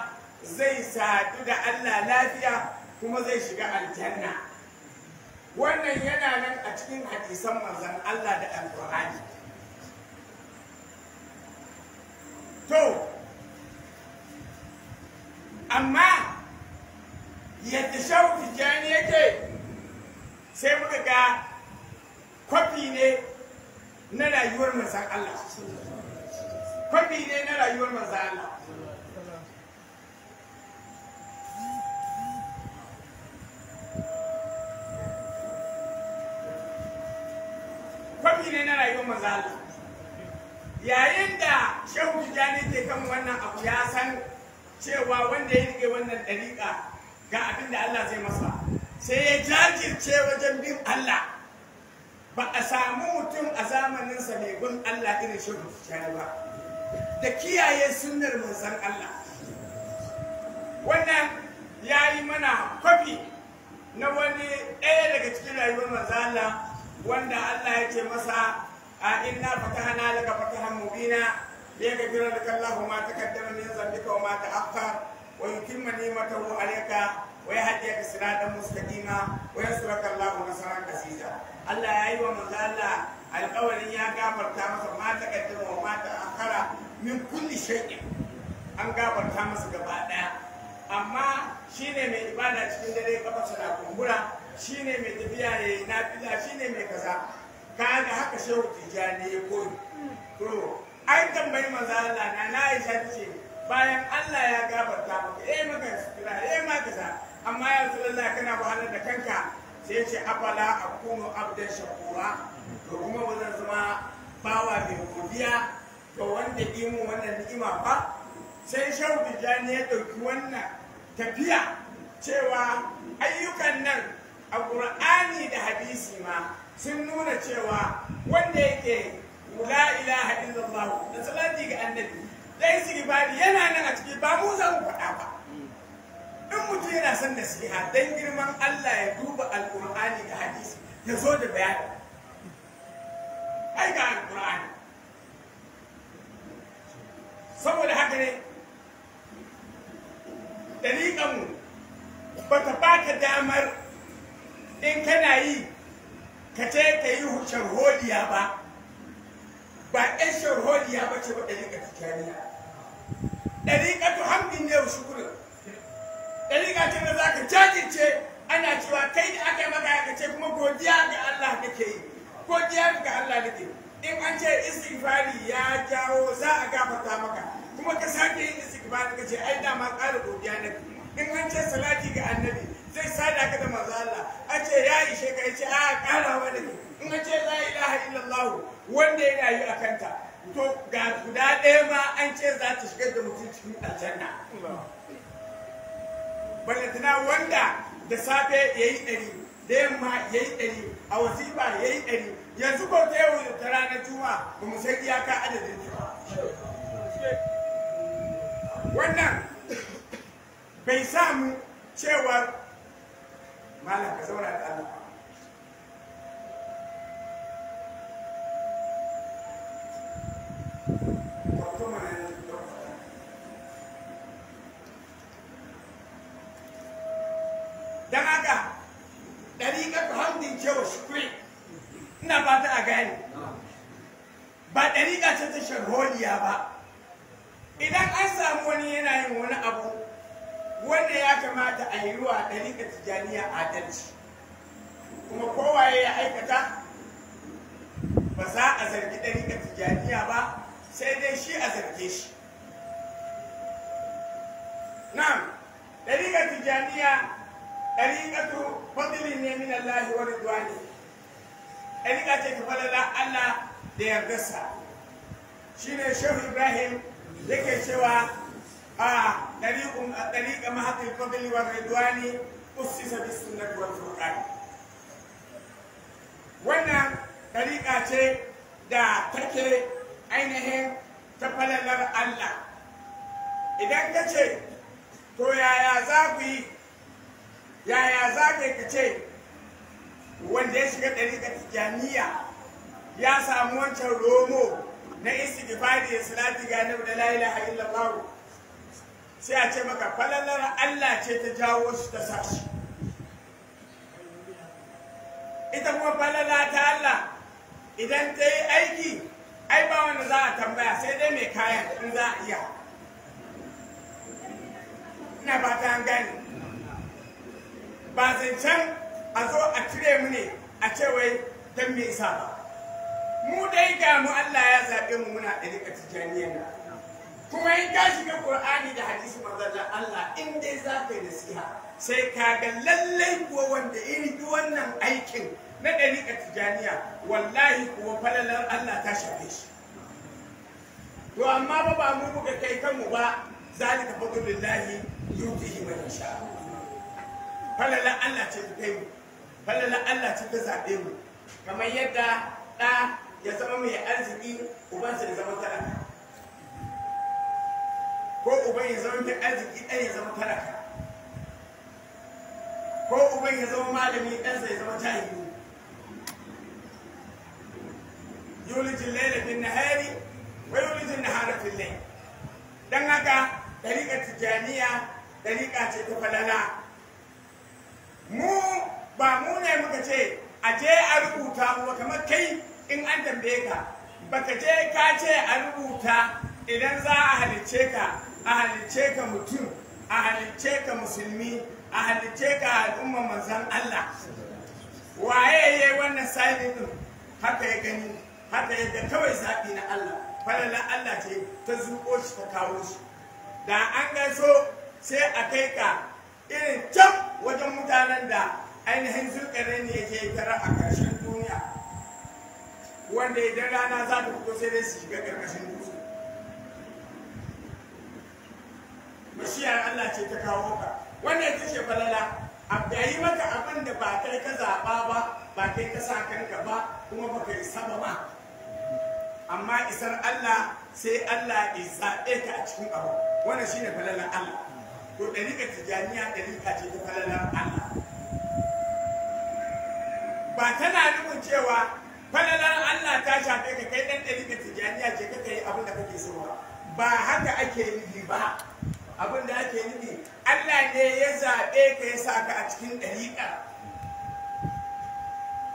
zai sadu da Allah lafiya kuma zai shiga aljanna. wannan yana nan a cikin hadisan manzan Allah da alƙur'ani to amma yadda shawu jani yake sai muka ga kwafi ne na rayuwar manzan Allah kwafi ne na rayuwar manzan Allah nau'i ne na rayuwar yayin da shehu tijjani ke kan wannan abu ya san cewa wanda ya rike wannan dariƙa ga abin da Allah zai masa sai ya jajirce wajen bin Allah ba a samu mutum a zamaninsa mai gun Allah irin shehu tijjani ba da kiyaye sunnar manzon Allah wannan ya yi mana kwafi na wani ɗaya daga cikin rayuwar manzo Allah wanda Allah ya ce masa a inna fatahna laka fatahan mubina liyaghfira laka Allahu ma taqaddama min dhanbika wa ma ta'akhkhara wa yutimma ni'matahu alayka wa yahdiyaka siratan mustaqima wa yansuraka Allahu nasran kasira Allah ya yi wa manzo Allah alƙawarin ya gafarta masa ma taqaddama wa ma ta'akhkhara min kulli shay'in an gafarta masa gaba daya amma shine mai ibada cikin dare kafa na kumbura shine mai tafiya ya yi nafila shine mai kaza kaga haka shehu ne ya koyi to ai tambayi manzo Allah na na Aisha tace bayan Allah ya gafarta maka eh maka sira eh ma kaza amma ya Allah kana wahalar da kanka sai ce afala akunu abdan shakura to kuma wannan zama bawa mai godiya to wanda imu wannan ni'ima ba sai shehu ne ya dauki wannan tafiya cewa ayyukan nan a ƙur'ani da hadisi ma sun nuna cewa wanda yake la ilaha illallah da salati ga annabi da istighfari yana nan a ciki ba mu za faɗa ba in mutum yana son nasiha dan girman Allah ya duba alƙur'ani da hadisi ya zo da bayani ai ga alƙur'ani saboda haka ne dariƙanmu ba ta baka damar in kana yi ka ce ka yi hodiya ba ba ɗan hodiya ba ce ba ɗari ka ta Ɗari ka ta hamdin ne wa ɗari ka ce na za ka jajince ana cewa kai da aka yi maka ka ce kuma godiya ga Allah ke yi godiya ga Allah ke in an ce istighfari ya jawo za a gafarta maka kuma ka sake yin istighfari ka ce ai dama ƙara godiya na in an ce salati ga annabi zai sada ka da manzo Allah a ce ya ishe ka ce a kara wa da in a ce la ilaha illallah wanda yana yi a kanta. to ga guda ɗaya ma an ce za ta shigar da mutum cikin aljanna tana wanda da safe ya yi ɗari da yamma yayi yi ɗari a wasifa ya yi ɗari yanzu ko ta yau ta ranar juma ba mu san iyaka adadin wannan bai samu cewa malam ka zauna da Allah amma ba ba mu buga kai kanmu ba zalika fadlullahi yutihi wa yasha falala Allah ce ta kai mu falala Allah ce ta zabe mu kamar yadda da ya zama mai arziki sa ya zama talaka ko uban ya zama mai arziki dan ya zama talaka ko uban ya zama malami sa ya zama jahili yulijin lailafin nahari wani mijin na harafin lai don haka ɗariƙa tijjaniya ɗariƙa ce ta falala mu ba mu ne muka ce a je a rubuta mu kamar kai in an tambaye ka baka je ka ce a rubuta idan za a halicce ka a halicce ka mutum a halicce ka musulmi a halicce ka al'umma manzan Allah waye ya yi wannan sa'idin haka ya gani haka ya ga kawai zaɓi na Allah falala Allah ce ta zuko shi ta kawo shi da an gaso sai a kai ka irin can wajen mutanen da ainihin zulkarai ne yake tara a ƙarshen duniya wanda idan rana za ta fito sai dai su shiga ƙarƙashin dutse mashiyar Allah ce ta kawo ka wannan ita ce falala a yi maka abin da ba kai ka zaɓa ba ba kai ka sa kanka ba kuma ba kai saba ba amma isar Allah sai Allah zaɓe ka a cikin abu wannan shine falalar Allah to tijjaniya tijaniya ka ce ta falalar Allah ba tana nufin cewa falalar Allah ta shafe ka kai ɗan ɗari ka tijaniya ce ka yi abin da kake so ba ba haka ake yi ba abin da ake nufi Allah ne ya zaɓe ka ya sa ka a cikin ɗari ka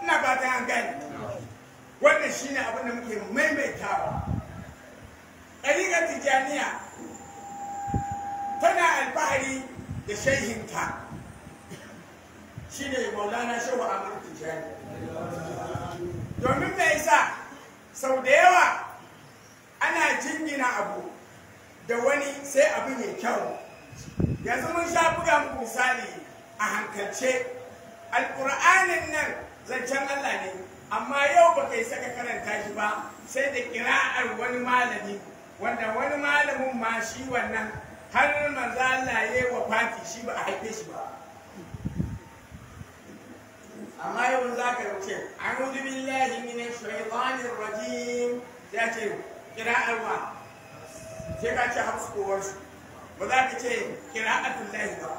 ina ba ta gani wannan ne abin da muke maimaitawa ɗariƙar tijjaniya tana alfahari da shaihinta Shi ne maulana shehu amur tijjani domin mai sa sau da yawa ana jingina abu da wani sai abin ya kyau yanzu mun sha buga muku misali a hankalce alƙur'anin nan zancen allah ne amma yau ba kai saka karanta shi ba sai da kira'ar wani malami wanda wani malamin ma shi wannan har manzo Allah ya wa fati shi ba a haife shi ba amma yau za ka rauce a'udhu billahi minash shaitanir rajim ya ce kira'ar wa sai ka ce hafsuwar su ba za ka ce kira'atul ba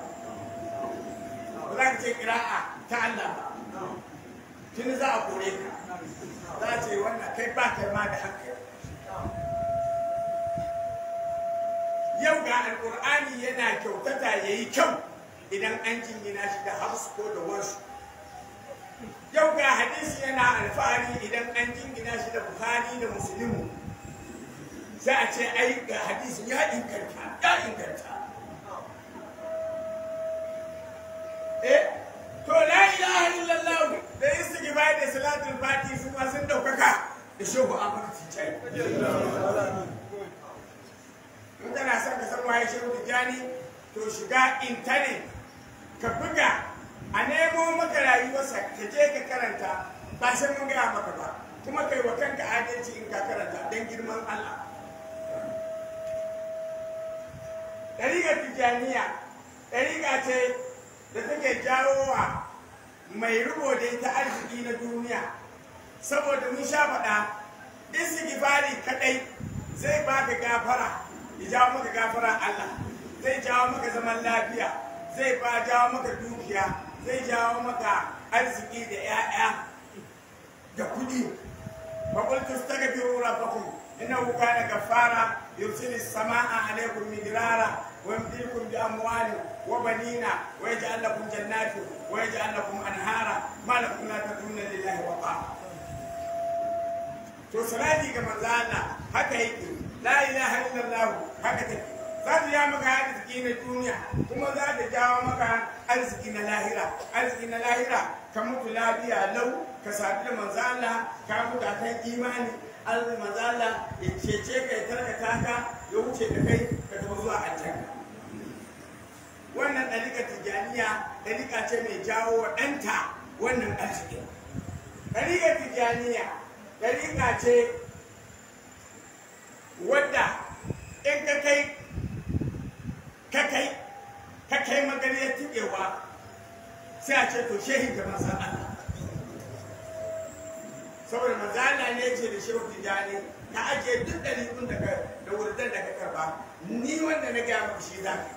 ba za ka ce kira'a ta Allah ba tuni za a kore ka za ce wannan kai ba kai ma da hankali yau ga alkur'ani yana kyautata ya yi kyau idan an jingina shi da hafsu ko da wasu yau ga hadisi yana alfahari idan an jingina shi da buhari da musulmi za a ce ai ga hadisi ya inganta ya inganta eh to la ilaha illallah da istighfar da salatul fati su ma sun daukaka da shehu Ahmad Tijani in kana son ka san waye shehu Tijani to shiga intanet ka buga a nemo maka rayuwarsa ka je ka karanta ba sai mun gaya maka ba kuma kai wa kanka adalci in ka karanta don girman Allah ga Tijaniya ɗariƙa ce da take jawowa mai rubo da ita arziki na duniya saboda mun sha faɗa istighfari kadai zai ka gafara ya jawo maka gafara Allah zai jawo maka zaman lafiya zai ba jawo maka dukiya zai jawo maka arziki da 'ya'ya da kuɗi فقلت استغفروا ربكم انه a كفارا migirara, السماء عليكم مدرارا ويمدلكم باموال وبنينا ويجعل لكم جنات ويجعل لكم انهارا ما لكم لا تقولون لله وقارا to salati ga manzo Allah haka yake la ilaha illallah haka take za ta ja maka arziki na duniya kuma za ta jawo maka arziki na lahira arziki na lahira ka mutu lafiya lau ka sadu da manzo Allah ka ta imani Allah manzo Allah ya cece ka ya tarkata ka ya wuce da kai ka tafi zuwa aljanna ɗarika tijaniya ɗarika ce mai jawo wa ɗanta wannan arzikin ɗarika tijaniya ɗarika ce wadda in ka kai ka kai ka kai magariyar tiɗewa sai a ce to shehin ga san Allah saboda manzan ne ce da shehu tijani ta ajiye duk ɗarikun da wurdan da ka karba ni wanda na gaya muku shi za ka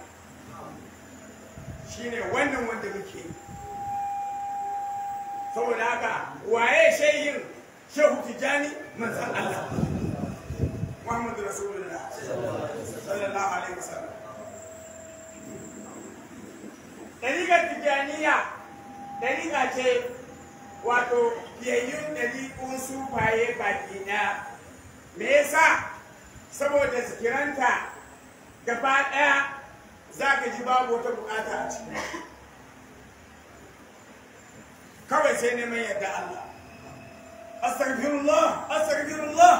shine wannan wanda muke saboda haka waye shehin shehu tijani manzan Allah Muhammadu Rasulullah sallallahu alaihi wasallam Dariƙar Tijaniya dariƙa ce wato biyayyun ɗariƙun sufaye baki na me yasa saboda zikiranta gaba ɗaya za ka ji babu wata bukata a ciki kawai sai neman yadda Allah astaghfirullah astaghfirullah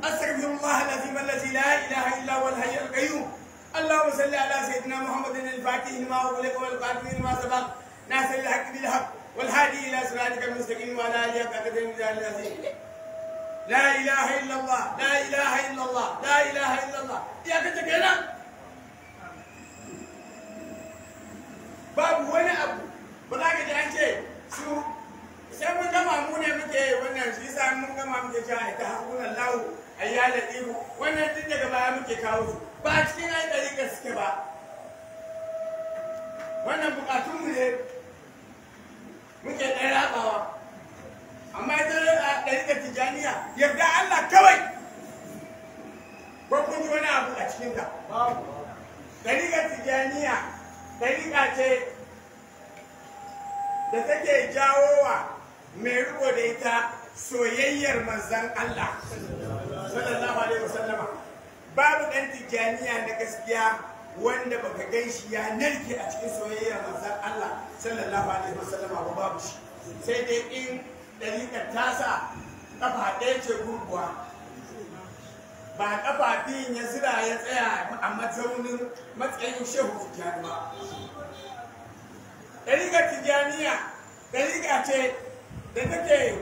astaghfirullah alazim allazi la ilaha illa huwa alhayy alqayyum اللهم صل على سيدنا محمد الفاتح لما أغلق والقادم لما سبق ناصر الحق بالحق والهادي إلى صراطك المستقيم وعلى آله وصحبه وسلم la ilaha illallah la ilaha illallah la ilaha illallah iyakarta kenan babu wani abu ba za an ce su sai mun gama mu ne muke wannan shi yasa mun gama muke cewa ita hakunan lahu ayyalan ihu wannan tun daga baya muke kawo su ba cikin ai dariƙa suke ba wannan mu ne muke ɗan rabawa amma ita a eh, ɗariƙar tijaniya yarda Allah kawai ko wani abu a cikin ta ɗariƙar tijaniya ɗariƙa ce da take jawo wa mai riko da ita soyayyar manzan Allah sallallahu alaihi wasallama babu ɗan tijaniya na gaskiya wanda baka gan shi ya narke a cikin soyayyar manzan Allah sallallahu alaihi wasallama ba babu shi sai dai in ɗariƙar tasa ƙafa ɗaya ce gurguwa ba ƙafa biyun ya zira ya tsaya a mazaunin matsayin shehu tijjani ba ɗariƙar tijjaniya ce da take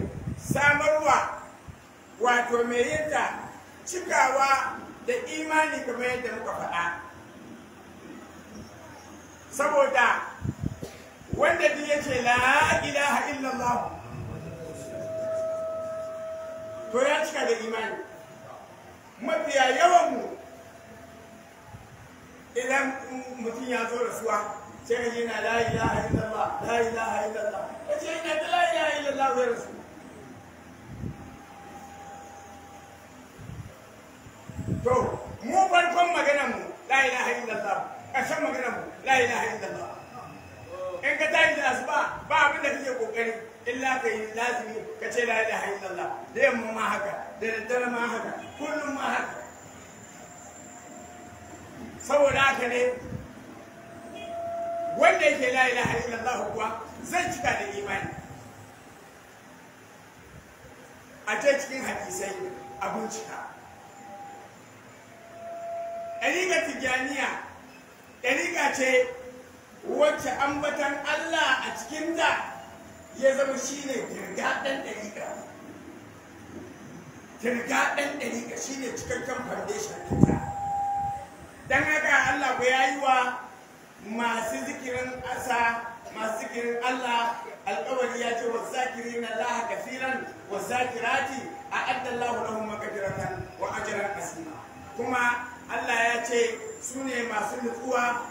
samarwa wato mai yinta cikawa da imani kamar yadda muka faɗa saboda wanda duk yake la ilaha illallah to ya cika da imani mafiya yawanmu idan mutum ya zo da suwa sai ka ji na la ilaha illallah la ilaha illallah ka ce ina ta la ilaha illallah zai rasu to mu farkon magana mu la ilaha illallah ƙarshen magana mu la ilaha illallah in ka tashi da asuba ba abin da kake kokari illa ka yi lazimi ka ce la ilaha illallah da yamma ma haka da daddare ma haka kullum ma haka saboda haka ne wanda yake la ilaha illallah kuwa zai cika da imani a ce cikin hadisai a bincika ɗariƙa tijjaniya ɗariƙa ce wacce ambatan Allah a cikin da ya zama shi ne kirga ɗan ɗariƙa kirga ɗan ɗariƙa shi ne cikakken foundation ɗinta don haka Allah ku ya yi wa masu zikirin asa masu zikirin Allah alƙawari ya ce wa zakirin Allah kafiran wa zakirati a addallahu lahum magfiratan wa ajran asima kuma Allah ya ce su ne masu nutsuwa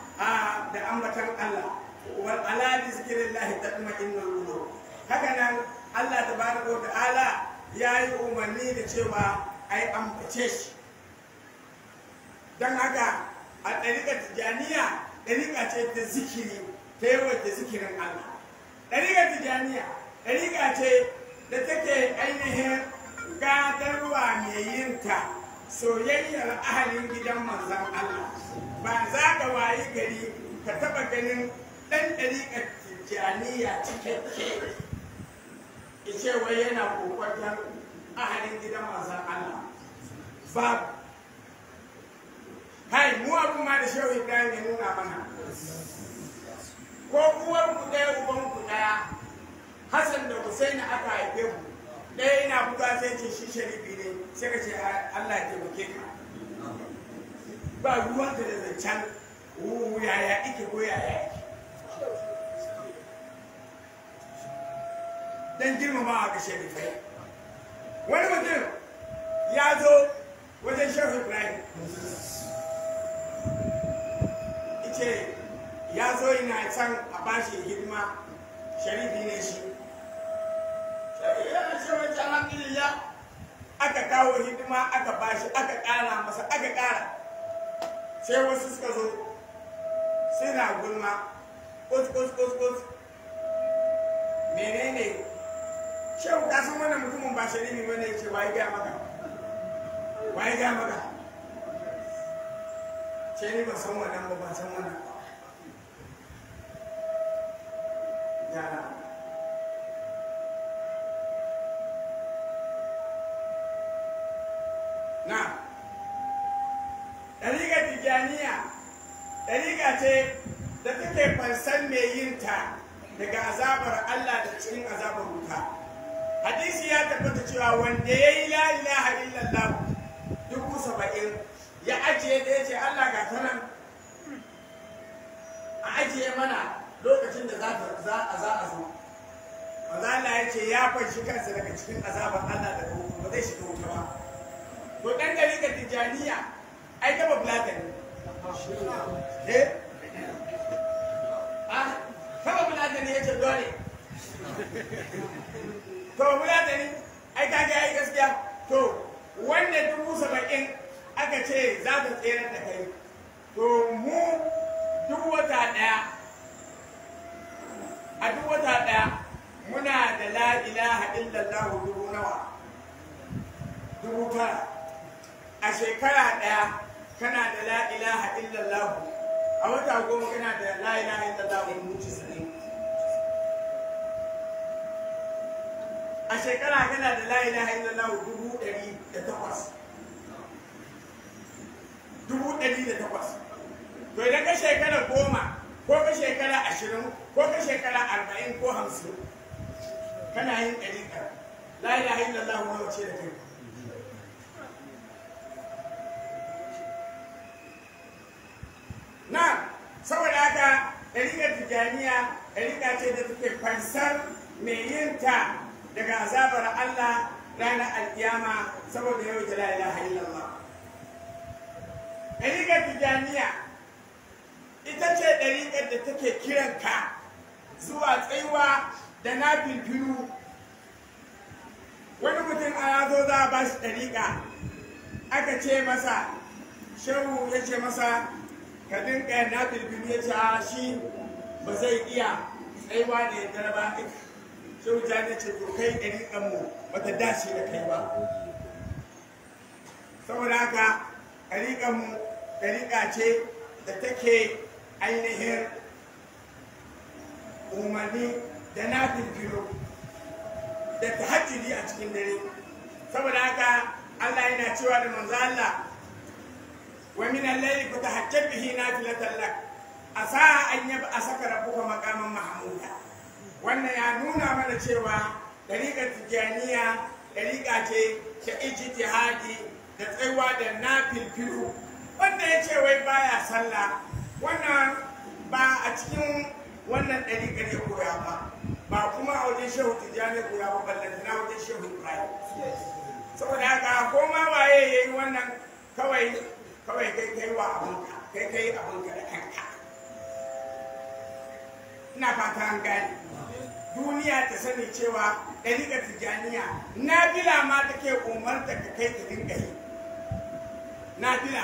da ambatan Allah wa ala zikrillahi tatma'innu qulub haka nan Allah tabaraka wa ta'ala yayi umarni da cewa ai ambace shi dan haka a ɗariƙa tijaniya ɗariƙa ce ta zikiri ta zikirin Allah ɗariƙa tijaniya ɗariƙa ce da take ainihin gadarwa mai ta soyayyar ahalin gidan manzan Allah ba za ka wayi gari ka taɓa ganin ɗan ɗariƙar tijjaniya cikakke ya ce wai yana ƙoƙartar ahalin gidan mazan Allah babu Kai mu abu ma da shehu ibrahim ya nuna mana ko uwar ku ɗaya uban ku ɗaya hassan da husaini aka haife mu ɗaya yana buga sai ce shi sharifi ne sai ka ce Allah ke muke ka ba ruwanka da zancen yaya ike ko yaya ike don girmamawa ga kai wani mutum ya zo wajen shehu ibrahim ce ya zo yana can a bashi hidima sharifi ne shi ya aka kawo hidima aka bashi aka ƙara masa aka ƙara sai wasu suka zo suna gulma kus kus kus kus menene shehu ka san wannan mutumin ba ya ce yace wai ga maka wai ga maka ce ni ba san wannan ba ba san wannan ya na ɗariƙa tijjaniya ɗariƙa ce da take fansan mai yinta daga azabar Allah da cikin azabar wuta hadisi ya tabbata cewa wanda ya yi la ilaha illallah dubu saba'in ya ajiye da ya ce Allah ga sanan nan a ajiye mana lokacin da za a za a zo maza Allah ya ce ya kwanci kansa daga cikin azabar Allah da kuma ba zai shiga wuta ba to dan gari ga tijaniya ai ta bablata ne eh ah ta ne ya ce dole to da ni ai kage ai gaskiya to wannan dubu saba'in aka ce za ta tseren da kai to mu duk wata ɗaya a duk wata ɗaya muna da la ilaha illallah dubu nawa dubu tara a shekara ɗaya kana da la ilaha illallah a wata goma kana da la ilaha illallah dubu tisa'in a shekara kana da layi na ilaha lawo dubu ɗari da takwas dubu ɗari da takwas to idan ka shekara goma ko ka shekara ashirin ko ka shekara arba'in ko hamsin kana yin ɗari layi na ilaha lawo wani ce da kai na saboda haka ɗari tijjaniya, tijaniya ɗariƙa ce da take fansar mai yin ta daga azabar Allah ranar alkiyama saboda yau ta la'ila ilaha ɗarikar ɗariƙar tijaniya ita ce ɗariƙar da take kiran ka zuwa tsayuwa da na bibiru wani mutum a yazo za a ba shi ɗariƙa aka ce masa shehu ya ce masa ka dinka na bibiru ya ce a shi ba zai iya tsayuwa da ya jaraba shehu jani ce to kai ɗariƙan mu bata dace da kai ba saboda haka ɗariƙan mu ɗariƙa ce da take ainihin umarni da na firfiro da ta hajjiri a cikin dare saboda haka Allah yana cewa da manzo Allah wa min al-layli fatahajjab na nafilatan a asa an saka rabuwa maqaman mahmuda wannan ya nuna mana cewa ɗariƙar tijjaniya ɗariƙa ce ta ijtihadi da tsaiwa da na filfilu wanda ya ce wai baya sallah wannan ba a cikin wannan ɗariƙar ne koya ba ba kuma a wajen shehu tijjani koya ba na wajen shehu ibrahim saboda haka ko ma waye ya yi wannan kawai kawai kai kai wa abinka kai kai abinka da kanka ina fata an gane duniya ta sani cewa ɗariƙar tijjaniya na gila ma ta ke umarta ka kai ta dinga yi na bila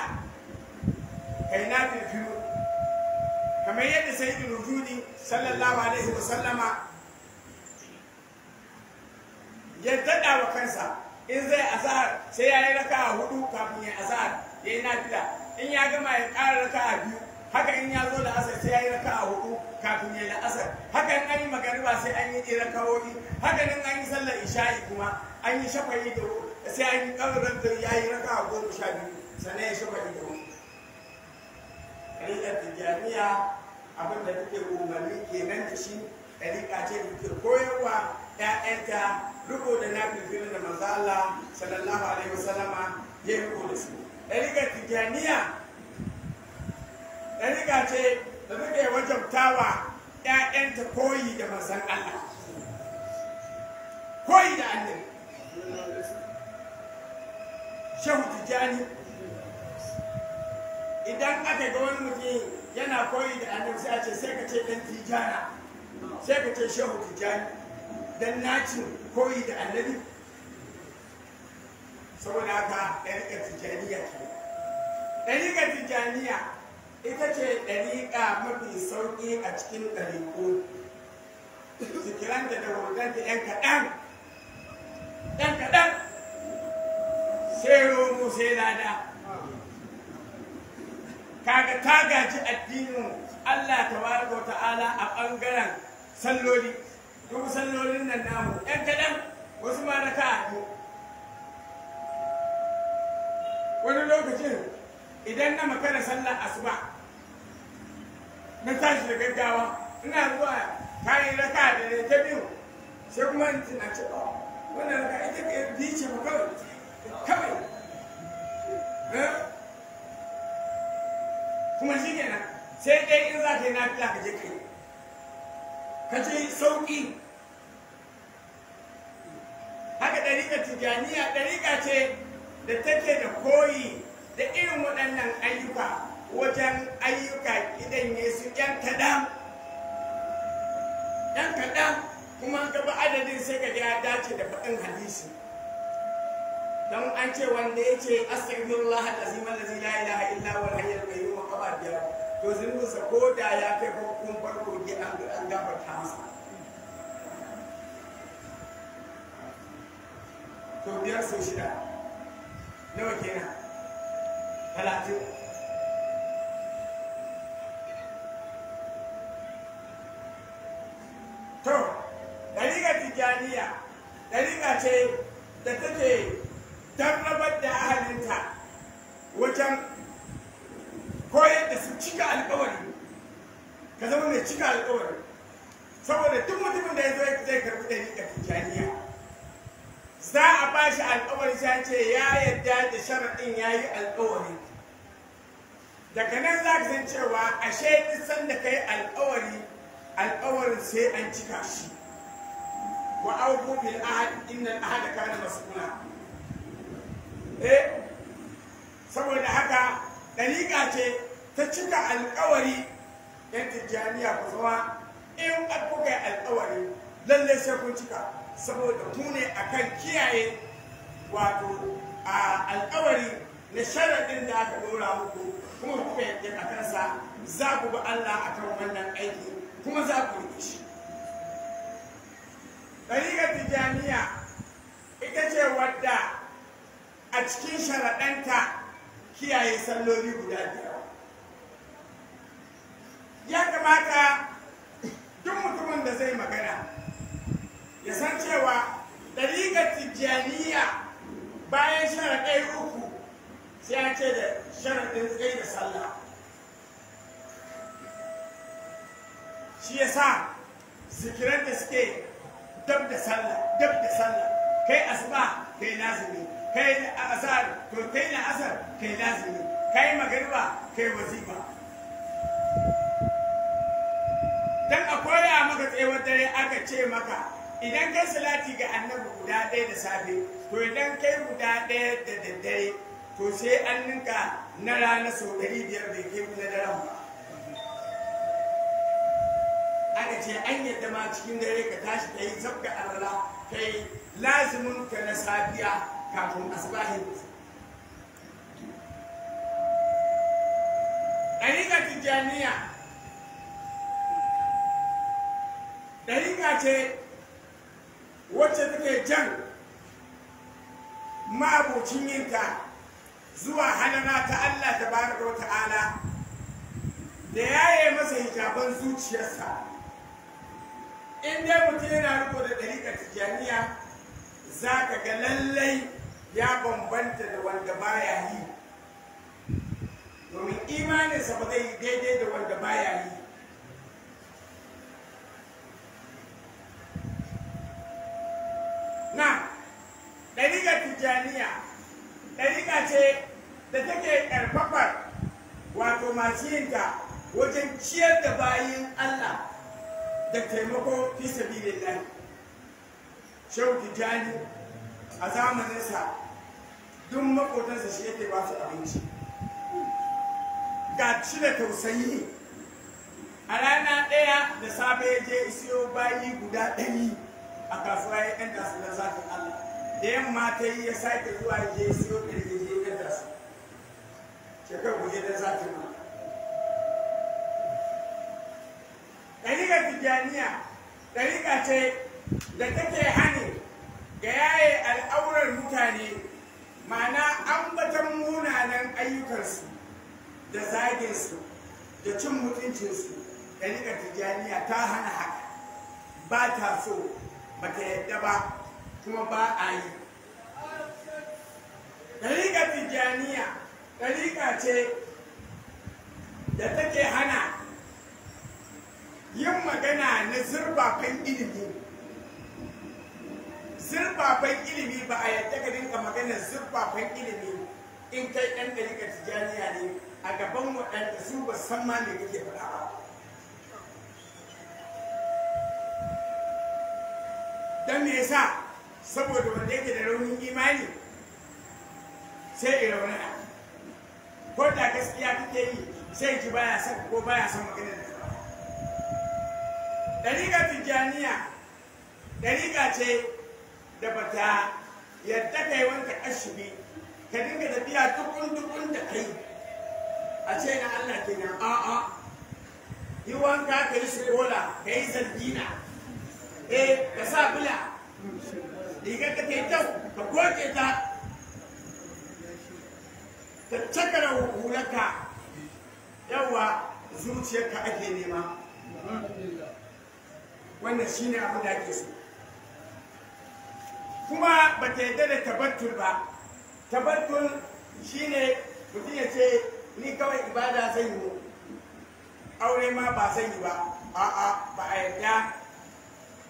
kai na firfiro kamar yadda sai ibn rujudi sallallahu alaihi wa sallama ya daɗa wa kansa in zai azahar sai ya yi raka a hudu kafin ya azahar ya yi gila in ya gama ya ƙara raka a biyu haka in ya zo da asar sai ya yi raka a hudu kafin ya asar hakan an yi magariba sai an yi ɗiran kawoyi hakan nan an yi sallar isha'i kuma an yi shafayi da sai an yi ƙabarar da ya yi raka goma sha biyu sannan ya shafayi da wani ɗariƙar tijjaniya abin da take umarni kenan da shi ɗariƙa ce da take koyarwa ‘ya'yanta riko da na filfilin da manzo Allah sallallahu alaihi wasallama ya yi riko da su ɗariƙar tijjaniya ɗariƙa ce da take wajabtawa ƴaƴanta koyi da manzan Allah koyi da annabi shehu tijjani idan aka ga wani mutum yana koyi da annabi sai a ce sai ka ce ɗan tijjana sai ka ce shehu tijjani dan nacin koyi da annabi saboda ɗan ɗariƙar tijjaniya ke ɗariƙar tijjaniya ita ce ɗariƙa mafi sauƙi a cikin ɗariƙo zikiranta da wurganta ‘yan kaɗan ‘yan kaɗan sai romo sai lada kaga ta gaji addinin Allah ta ko ta'ala a ɓangaren salloli kuma sallolin nan namu ‘yan kaɗan wasu ma na wani lokacin idan na makara sallar asuba na tashi da gaggawa ina zuwa kayan raka da ne ta biyu sai kuma in tuna ce ba wannan raka ita ka yi ce ba kawai kawai eh? kuma shi kenan sai dai in za ka yi na fila ka je ka yi ka ce sauƙi haka ɗariƙa tijaniya ɗariƙa ce da take da koyi da irin waɗannan ayyuka wajen ayyuka idan ne su yan kaɗan yan kaɗan kuma ka bi adadin sai ga ya dace da faɗin hadisi don an ce wanda ya ce astaghfirullah alazim allazi la ilaha illa huwa alhayyul qayyum qaba biyar to sa ko da ya kai farkon farko ji an gafarta masa to biyar sau shida nawa kenan talatin to ɗariƙa tijaniya ɗariƙa ce da take tarrabar da ahalinta wajen koyar da su cika alkawari ka zama mai cika alkawari saboda duk mutumin da ya zo zai karɓi ɗariƙa tijaniya za a ba shi alkawari sai ce ya yarda da sharaɗin ya yi alkawari daga nan za ka san cewa ashe duk sanda ka yi alkawari alƙawarin sai an cika shi wa auku bil ahad innal ahad kana mas'ula eh saboda haka dalika ce ta cika alƙawari yan tijaniya ku zama in kuka kai alƙawari lalle sai kun cika saboda ku ne akan kiyaye wato a alƙawari na sharaɗin da aka dora muku kuma kai yadda a kansa za ku bi Allah akan wannan aiki kuma za ku riƙe shi ɗariƙar tijaniya ita ce wadda a cikin sharaɗanta kiyaye salloli guda biyar ya kamata duk mutumin da zai magana ya san cewa ɗariƙar tijjaniya bayan sharaɗai uku sai an ce da sharaɗin tsaye da sallah shi ya sa zikirar da suke dab da sallah dab da sallah kai asuba kai lazimi kai azar to kai na azar kai lazimi kai magariba kai wazifa dan a koya maka tsayuwar dare aka ce maka idan kai salati ga annabi guda ɗaya da safe to idan kai guda ɗaya da daddare to sai an ninka na rana sau ɗari biyar bai kai na daren ba ana ce an yadda ma cikin dare ka tashi ka yi a rana ka yi lazimin ka na safiya kafin asibahin ɗariƙa tijjaniya ɗariƙa ce wacce take jan ma'abocin yinta zuwa hanana ta Allah ta baraka wa ta'ala da yaye masa hijaban zuciyarsa in dai mutum yana riko da ɗariƙar tijjaniya za ka ga lallai ya bambanta da wanda baya yi domin imaninsa ba zai yi daidai da wanda baya yi na ɗariƙar tijjaniya ɗariƙa ce da take ƙarfafar wato masu yinta wajen ciyar da bayan allah da taimako fi sabilillah shehu tijjani a zamaninsa duk makotansa shi yake ba su abinci ga ci da tausayi a rana ɗaya da safe ya je siyo bayi guda ɗari a kasuwa ya ɗan tasu na zafin Allah da yamma ta yi ya sake zuwa ya je siyo ɗari ya je ɗan tasu shekaru ya ɗan zafin Allah ɗariƙar tijaniya ɗariƙa ce da take hani ga yaye al'aurar mutane ma'ana ambatan munanan ayyukansu da zaginsu da cin mutuncinsu ɗariƙar tijaniya ta hana haka ba ta so ba ta yadda ba kuma ba a yi ɗariƙar tijaniya ɗariƙa ce da take hana yin magana na zurfafan ilimi zurfafan ilimi ba a yadda ka dinga magana zurfafan ilimi in kai ɗan da ɗarika tijaniya ne a gaban waɗanda su ba san ma me kake faɗa ba don me yasa saboda wanda yake da raunin imani sai ya ko da gaskiya kake yi sai ki baya son ko baya son maganar ɗariƙa tijjaniya ɗariƙa ce da bata yadda ka yi wanka ashibi ka dinga tafiya dukun dukun da kai a ce na Allah ke a a'a yi wanka ka yi shukola ka yi zargina eh ka sa bula diga ka ta kyau ka goge ta ka cakara hulaka yawa zuciyarka ake nema wannan shi ne abin da ake so kuma ba ta yadda da tabattul ba tabattul ne mutum ya ce ni kawai ibada zan yi aure ma ba zan yi ba a'a ba a yadda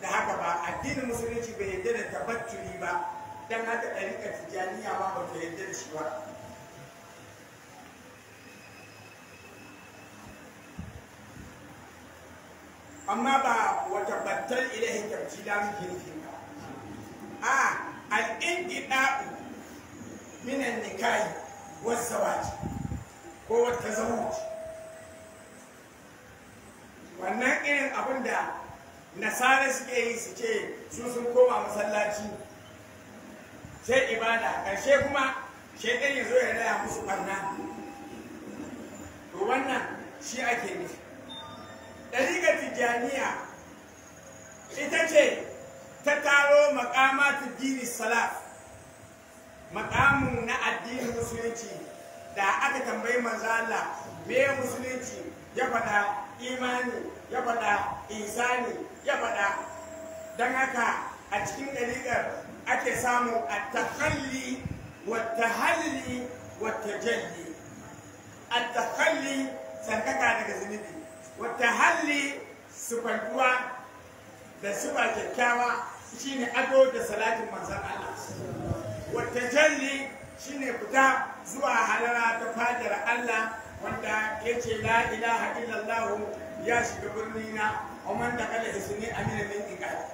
da haka ba addinin musulunci bai yadda da tabattuli ba don haka ɗariƙar tijjaniya ma ba ta yadda da shi ba amma ba wata battal ilahi da muke yi ba a al-inqida'u min nikahi was ko wata zawaj wannan irin abin da nasara suke yi su ce sun sun koma masallaci sai ibada Karshe kuma shaidan ya zo ya raya musu ɓarna to wannan shi ake nufi ɗariƙa tijjaniya ita ce ta taro ta dini salaf maƙamu na addinin musulunci da aka tambayi manzala me musulunci ya faɗa imani ya faɗa insani ya faɗa don haka a cikin ɗariƙar ake samu a takalli wa tahalli wa tajalli a takalli sarkaka daga zunubi wata halli sifantuwa da sifa kyakkyawa shine ado da salatin manzan Allah wata jalli shine fita zuwa halara ta fadar Allah wanda ya ce la ya shiga birni na umar da kala isini amina min igadi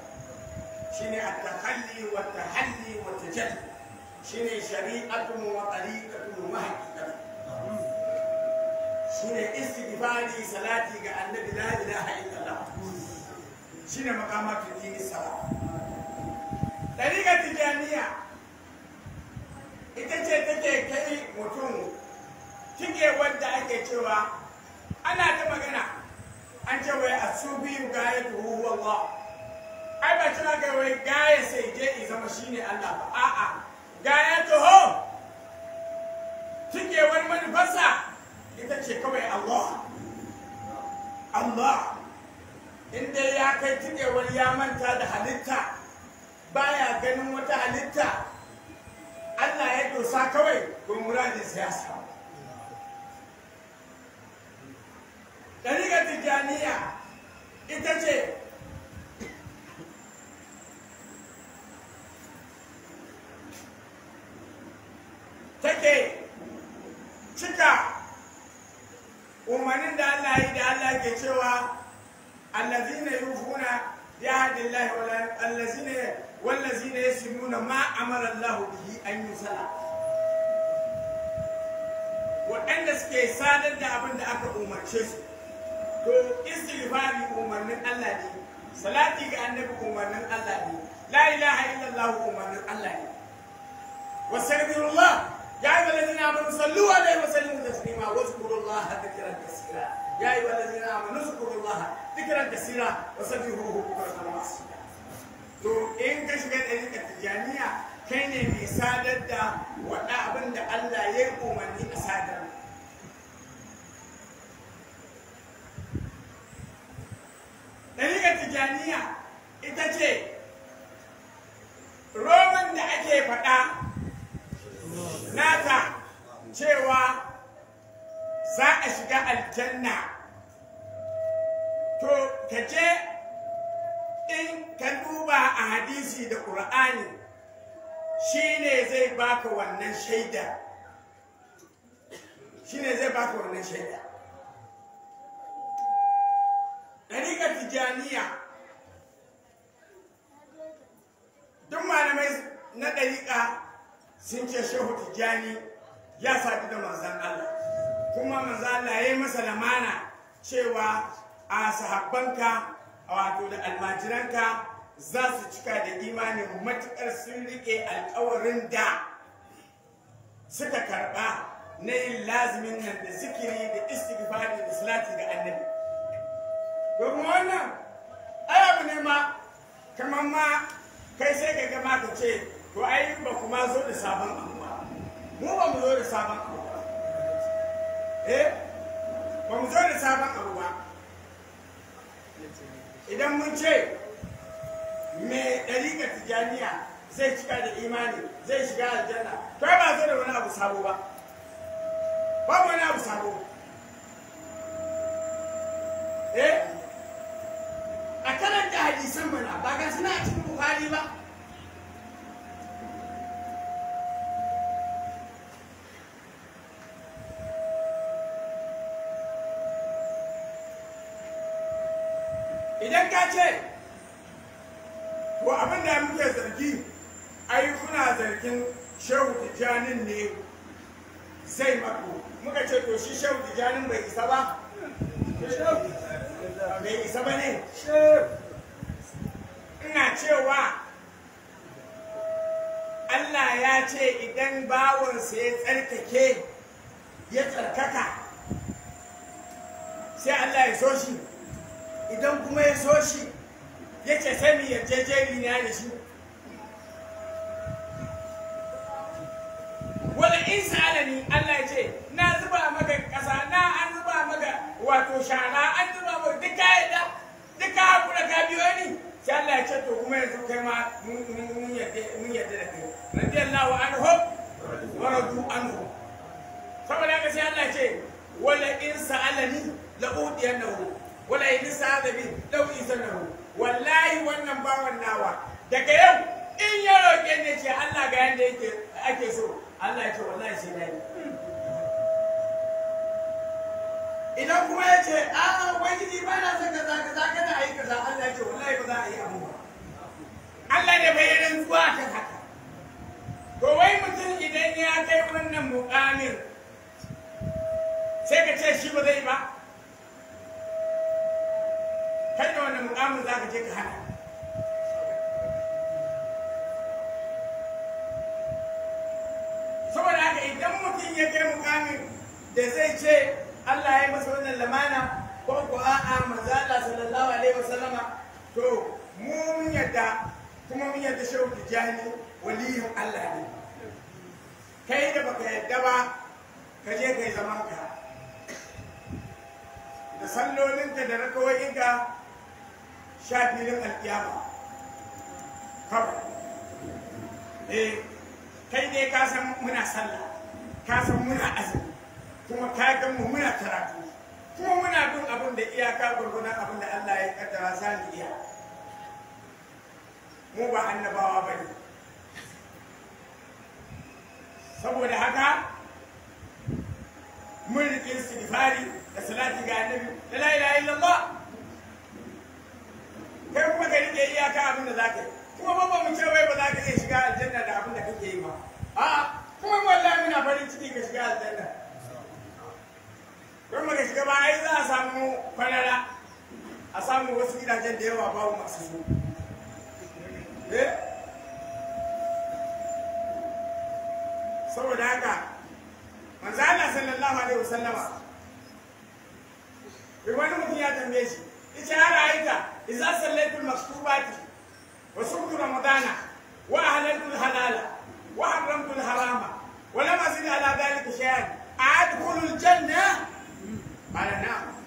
shine at-tahalli wa tahalli wa tajalli shine shari'atu wa tariqatu wa haqiqatu shine istighfari salati ga annabi la ilaha illallah shine makamatul dini sala dariƙa tijaniya ita ce take kai mutum kike wanda ake cewa ana ta magana an ce wai asubi gayatu huwa Allah ai ba tana kai wai gaya sai je in zama shine Allah ba a'a gaya to ho kike wani manufarsa ita ce kawai Allah Allah inda ya kai cikewar ya manta da halitta baya ganin wata halitta Allah ya dosa kawai don muradin siyasa ɗariƙar tijjaniya ita ce take cika umarnin da Allah yi da Allah ke cewa allazi ne yi ya allazina yufuna bi ahdillahi wala allazina wallazina yasimuna ma amara Allah bihi an yi yusala waɗanda suke sadar da abin da aka umarce su to istighfari umarnin Allah ne salati ga annabi umarnin Allah ne la ilaha illallah umarnin Allah ne wa sabirullah يا أيها الذين آمنوا صلوا عليه وسلموا تسليما واذكروا الله ذكرا كثيرا يا أيها الذين آمنوا اذكروا الله ذكرا كثيرا وسبحوه بكرة وأصيلا to in ka shiga ɗariƙar tijjaniya kai ne mai sadar da waɗa abin da Allah ya yi umarni a sadar ita ce roman da ake faɗa a shiga aljanna to ka je in ka duba a hadisi da ƙur'ani shine zai baka wannan shaida shine zai baka wannan shaida ɗariƙa tijaniya duk malamai na ɗariƙa sun ce shehu tijani ya sadu da manzan Allah kuma manzo Allah yayi masa lamana cewa a sahabbanka wato da almajiranka za su cika da imani matukar sun rike alkawarin da suka karba na yin lazimin nan da zikiri da istighfari da salati ga annabi domin wannan ayabu ne ma kamar ma kai sai ka gama ka ce to ai ba kuma zo da sabon abu ba mu ba mu zo da sabon eh ba mu zo da sabon abu ba idan mun ce mai ɗalika tijaniya zai cika da imani zai shiga aljanna to ba zo da wani abu sabo ba babu wani abu sabo eh a karanta hadisan mana ba ga suna cikin bukari ba idan ka ce to abin da muke zargi ai kuna zargin shehu tijanin ne zai mako muka ce to shi shehu tijanin bai isa ba bai isa ba ne ina cewa Allah ya ce idan bawansa ya tsarkake ya tsarkaka sai Allah ya so shi idan kuma ya so shi ya ce sani yarjejeni na da shi wala in sa'alani Allah ya ce na zuba maka ƙasa na an zuba maka wato shana an zuba maka duk kayan da duk ka ka biyo ni sai Allah ya ce to kuma yanzu kai ma mun yadda da kai radiyallahu anhu wa radu anhu saboda haka sai Allah ya ce wala in sa'alani la udiyannahu wala in sa'adabi law isanahu wallahi wannan bawan nawa daga yau in ya roƙe ne ce Allah ga yadda yake ake so Allah ya ce wallahi sai dai idan kuma ya ce a ubangiji ba na son kaza kaza kana ayi kaza Allah ya ce wallahi ba za a yi abu ba Allah ne bai yi zuwa ta haka to wai mutum idan ya kai wannan muƙamin sai ka ce shi ba zai ba kai da wani mukamin za ka je ka hada saboda haka idan mutum ya je mukamin da zai ce Allah ya yi masa wannan lamana ko ko a'a manzo Allah sallallahu alaihi wasallama to mu mun yadda kuma mun yadda shehu tijani waliyin Allah ne kai da baka yadda ba ka je kai zaman ka da sallolinka da rakawoyinka sha filin alkiyama kawai eh kai dai ka san muna sallah ka san muna azumi kuma ka gan mu muna karatu kuma muna bin abin da iyaka gurgunan abin da Allah ya kaddara za mu iya mu ba annabawa ba ne saboda haka mun riƙe istighfari da salati ga annabi la ilaha illallah kai kuma ka rike iyaka abin da za ka yi kuma ba mu ce wai ba za ka iya shiga aljanna da abin da kake yi ba a kuma wallahi muna farin ciki ka shiga aljanna don mu shiga ba ai za a samu kwalala, a samu wasu gidajen da yawa babu masu su eh? saboda haka manzo Allah sallallahu alaihi wasallama wani mutum ya tambaye shi إذا إذا صليت المكتوبات وصمت رمضان وأهللت الحلال وحرمت الحرام ولم على ذلك شيئا أدخل الجنة قال نعم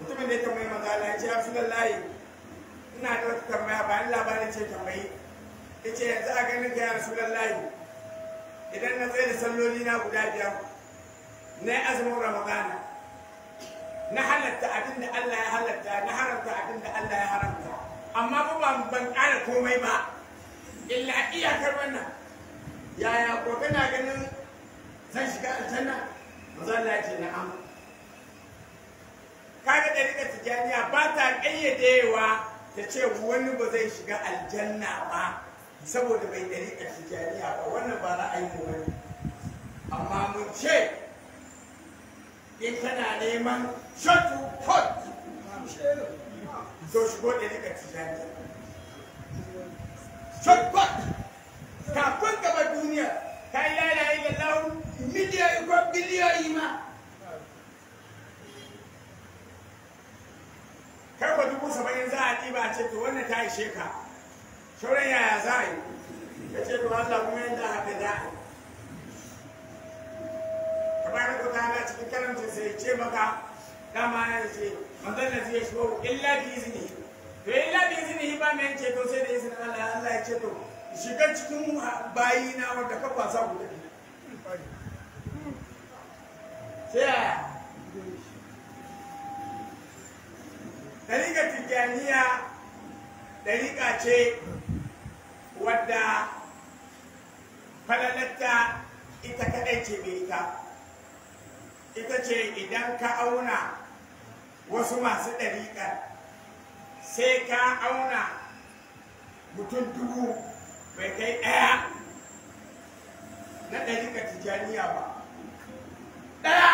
da ya tambayi manzo Allah ya ina da ba ni labarin ya ce yanzu a ganin ga Rasulullahi idan na tsaye da salloli na guda biyar na yi azumin Ramadana na halatta abin da Allah ya halatta na haramta abin da Allah ya haramta amma ba ban ƙara komai ba illa iyakar wannan yaya ko kana ganin zan shiga aljanna manzo Allah ya ce na'am kaga rika tijaniya ba ta ƙayyadewa ta ce wani ba zai shiga aljanna ba saboda bai ɗariƙar tijaniya ba wannan ba a yi bane amma mun ce in tana neman shot pot to shigo da rika tijanta shot pot kafin gaba duniya ta yi lalaye ga lahun miliyoyi ko biliyoyi ma kai ko dubu saba'in za a ɗiba ce to wannan ta ishe ka shauran yaya za a yi ya ce to Allah kuma yadda haka za a yi kamar ta ta'ala cikin karanta sai ce maka dama ya ce manzon na zai shigo illa bi izini to illa bi izini ba mai ce to sai da izinin Allah Allah ya ce to shiga cikin bayi na wanda ka kwasa guda sai ya Dariƙa Tijjaniya dariƙa ce wadda falalatta ita kaɗai ce mai ita. ita ce idan ka auna wasu masu ɗariƙar sai ka auna mutum dubu bai kai ɗaya na ɗariƙar tijjaniya ba ɗaya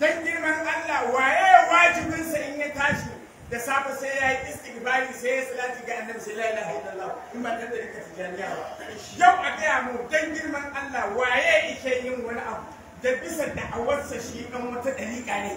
don girman Allah waye wajibinsa in ya tashi da safe sai ya yi istighfari sai ya salati ga annabi sai la ilaha illallah in ba dan da rika tijaniya ba yau a gaya mu don girman Allah waye yake yin wani abu da bisa da'awarsa shi ɗan wata ɗariƙa ne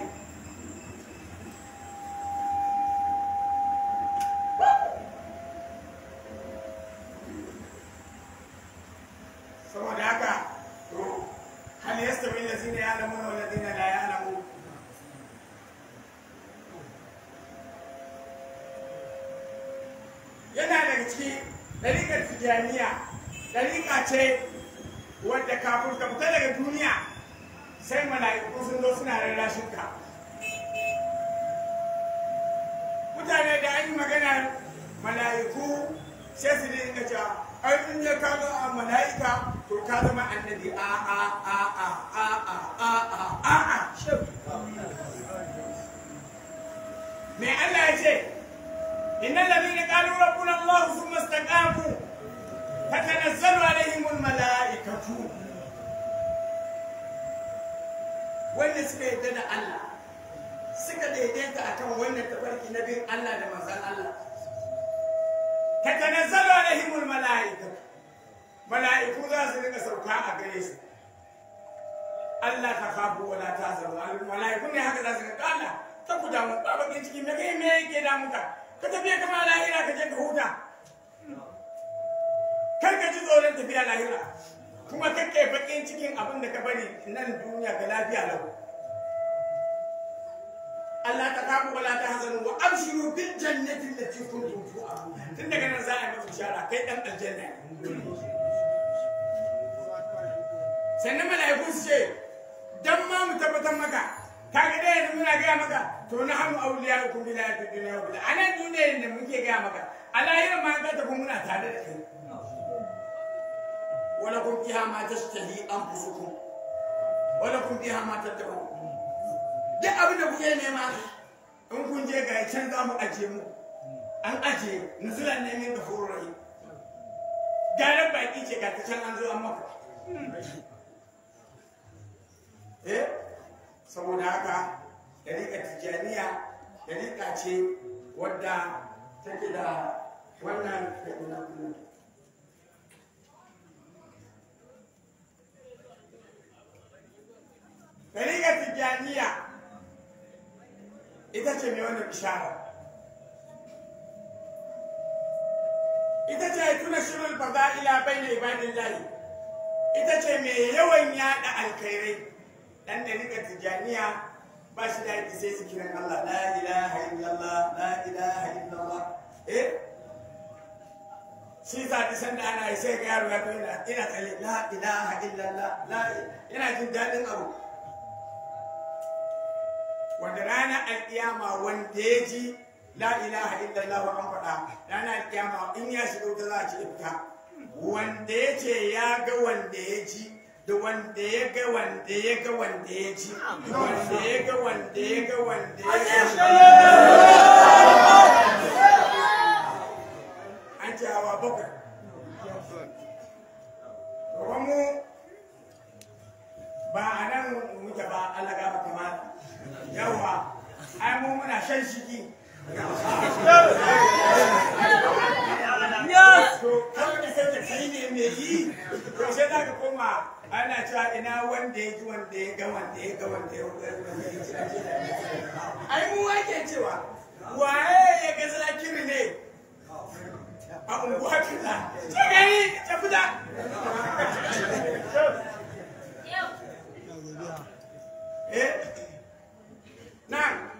ishara ita ce tuna shirul fada'ila bayna ibadillahi ita ce mai yawan yada alkhairai dan da nika tijaniya ba shi da yake sai su kiran Allah la ilaha illallah la ilaha illallah eh shi ta ta san da ana sai ga yaro ya ina ina tsalle la ilaha illallah la ina jin dadin abu wanda rana alkiyama wanda ya ji la ilaha illallah an faɗa rana alkiyama in ya shiga wuta za a ci ita wanda ya ce ya ga wanda ya ji da wanda ya ga wanda ya ga wanda ya ji da wanda ya ga wanda ya ga wanda ya ji an ce hawa bakwai yawa ai mu muna shan shiki yaushe za ana cewa ina wanda ya ji wanda ya ga wanda ya ga wanda ya ga wanda ya ji ai mu wake cewa waye ya ga zakiri ne a unguwa kaza ce gani ta fita eh nan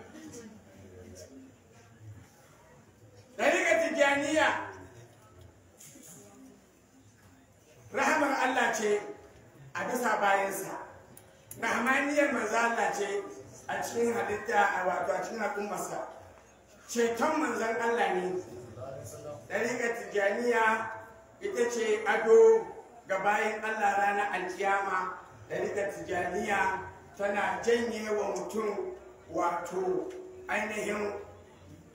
ɗariƙa tijjaniya Allah ce a bisa bayansa rahmaniyar manzo Allah ce a cikin halitta a wato a cikin al'ummarsa ceton manzon Allah ne ɗariƙa tijjaniya ita ce ado ga bayan Allah ranar alkiyama ɗariƙa tijjaniya tana janye wa mutum wato ainihin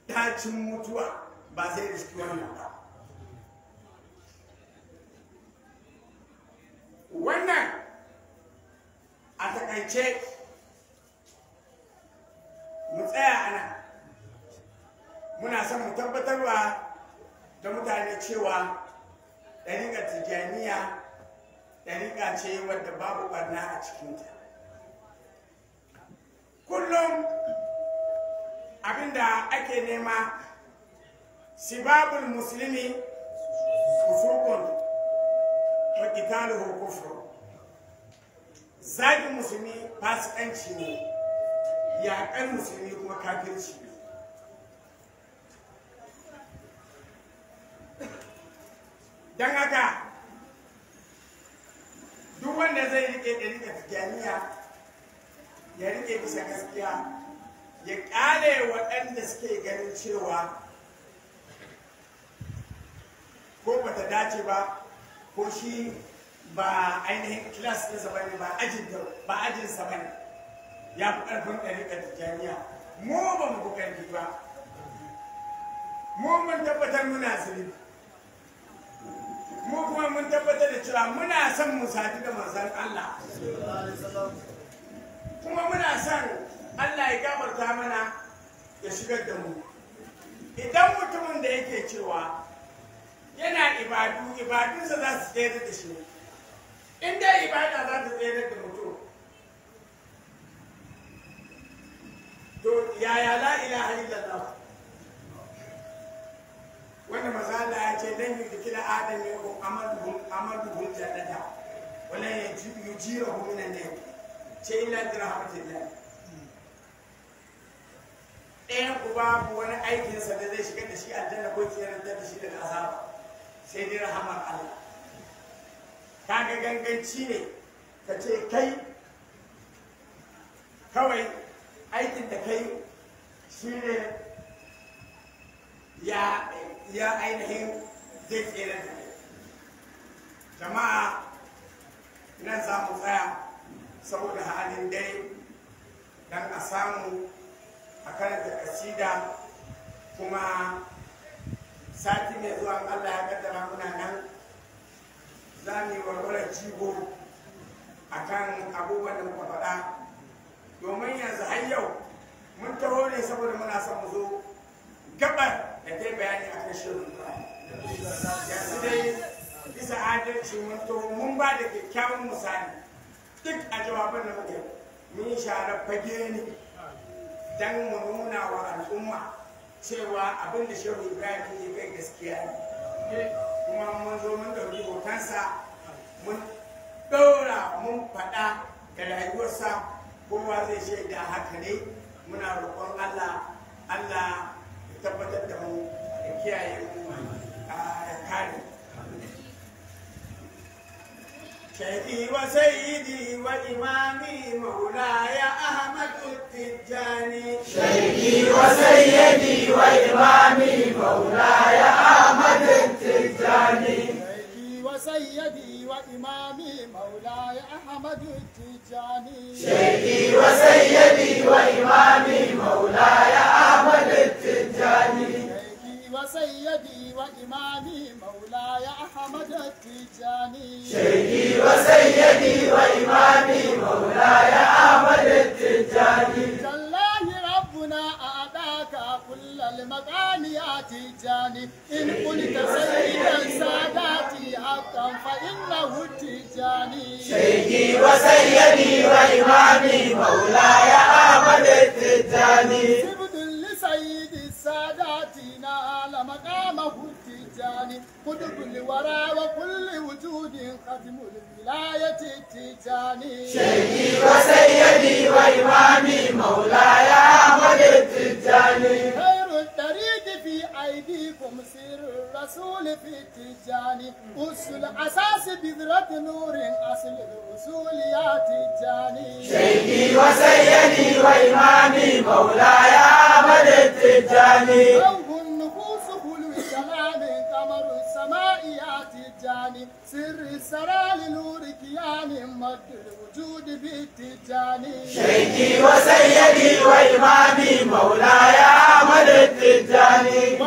dacin mutuwa ba zai riski wannan ba wannan a takaice mu tsaya ana muna son mu tabbatarwa da mutane cewa ɗariƙar tijjaniya ɗariƙa ce wadda babu ɓarna a cikinta kullum abinda ake nema sibabul musulmi kusurkun wa qitaluhu zagin musulmi fasikanci ne yaƙar musulmi kuma kafirci don haka duk wanda zai riƙe ɗari da jami'a. ya rike bisa gaskiya ya ƙare waɗanda suke ganin cewa ko ba ta dace ba ko shi ba ainihin kilas zamani ba ne ba ajin zamani ya fi ƙarfin ɗari jami'a mu ba mu ku ƙarfi ba mu mun tabbatar muna zuri mu kuma mun tabbatar da cewa muna son mu sadu da manzon Allah kuma muna son Allah ya gafarta mana ya shigar da mu idan mutumin da yake cewa yana ibadu ibadunsa za su tsere da shi in dai ibada za ta tsere da mutum to yaya la ilaha illallah wannan mazala ya ce dan yudkila adam ya ko amaluhum amaluhum jannata wala yujirahum nan nar ce illa bi ɗayan ku babu wani aikinsa da zai shiga da shi aljanna ko ciyar da shi daga azaba sai dai rahamar Allah ga ganganci ne ka ce kai kawai aikin da kai shi ne ya ya ainihin zai tsere jama'a nan za mu tsaya saboda halin dare don a samu a karanta kasida kuma sati mai zuwa allah ya kaddara muna nan za mu yi warware jigo a kan abubuwan da muka faɗa domin yanzu har yau mun taho ne saboda muna son zo gabar da ta bayani a kan shirin yanzu dai bisa adalci mun taho mun ba da kyakkyawan misali duk a jawaban da muke mun share fage ne dan mu nuna wa al'umma cewa abin da shehu ibrahim ya kai gaskiya ne kuma mun zo mun ɗauki hotonsa mun ɗora mun faɗa da rayuwarsa kowa zai shaida haka ne muna roƙon allah allah ya tabbatar da mu da kiyaye mu a kare شيخي وسيدي وإمامي مولاي أحمد التجاني شيخي وسيدي وإمامي مولاي أحمد التجاني سيدي وسيدي وإمامي مولاي أحمد التجاني شيخي وسيدي وإمامي مولاي أحمد التجاني سيدي وإمامي مولاي أحمد التجاني شيخي وسيدي وإمامي مولاي أحمد التجاني تالله ربنا أعطاك كل المغانيات جاني إن قلت سيدا ساداتي حقا فإنه التجاني شيخي وسيدي وإمامي مولاي أحمد التجاني ساداتنا لمقامه التيجاني قطب الورى وكل وجود ختم الولاية التيجاني شيخي وسيدي وإمامي مولاي أحمد التيجاني خير الطريق في أيديكم الرسول في تجاني أصل أساس بذرة نور أصل الرسول يا تجاني شيخي وسيدي وإمامي مولاي أحمد التجاني روح النفوس خلو الجمال قمر السماء يا تجاني سر السرى لنور كيان مد الوجود بالتجاني شيخي وسيدي وإمامي مولاي أحمد التجاني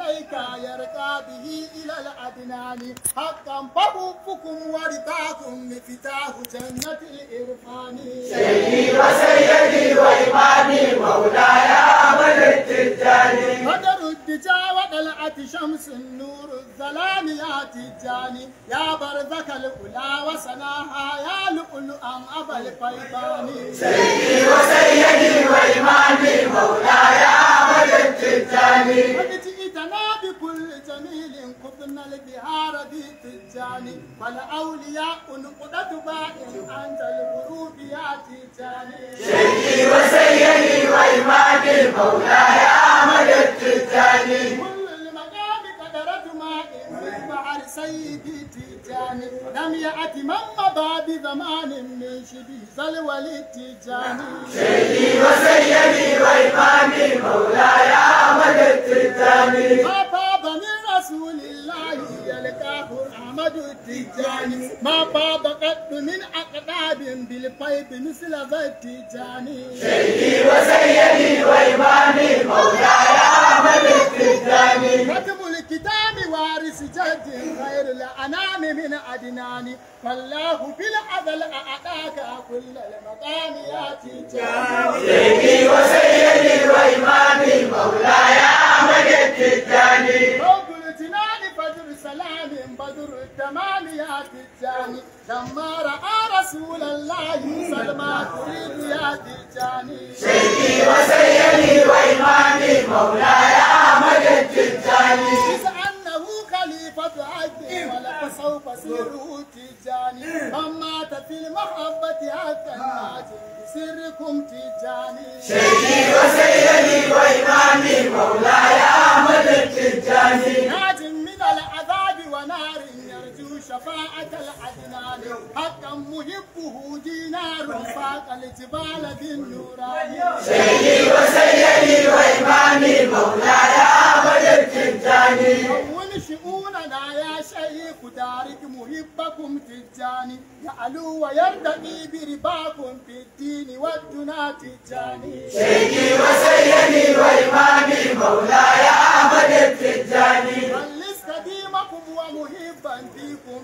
إليك يرقى به إلى الأدنان حقا فوفكم ورتاكم مفتاح جنة الإرفان سيدي وسيدي وإمامي مولاي أمل التجاني بدر الدجاوة دلعت شمس النور الظلام يا تجاني يا برزك الأولى وسناها يا أم أبا الفيضان سيدي وسيدي وإمامي مولاي أمل التجاني ابن البهار دي تجاني فالأولياء نقطة بائن أنت الغروب يا تجاني شيخي وسيدي وإمام المولى يا أحمد التجاني كل المقام قدرة ماء في بحر سيدي تجاني لم يأت من مضى بزمان من شبه زلول التجاني شيخي وسيدي وإمام المولى يا أحمد التجاني أحمد ما بابا قد من أقدام بالفيض مثل ذا التجاني شيخي وسيدي وإمامي مولاي أحمد التجاني كتب الكتاب وارث جد خير الأنام من أدنان فالله بالعدل أعطاك كل المقام يا تجاني شيخي وسيدي وإمامي مولاي أحمد التجاني بدر التمام الثاني تجاني لما رأى رسول الله سلمى تريد يا تجاني سيدي وسيدي وإمامي مولاي أحمد التجاني إذ خليفة عبد ولا سوف سيره تجاني من في المحبة حتى الناجي بسركم تجاني سيدي وسيدي وإمامي مولاي أحمد التجاني ونار يرجو شفاعة العدنان حقا محبه دينار فاق الجبال بالنوران سيدي وسيدي وإمامي مولاي أحمد الكنتاني كون شؤوننا يا شيخ دارك محبكم تجاني يعلو ويرتقي برباكم في الدين والدنا تجاني سيدي وسيدي وإمامي مولاي أحمد الكنتاني wa muhibban fikum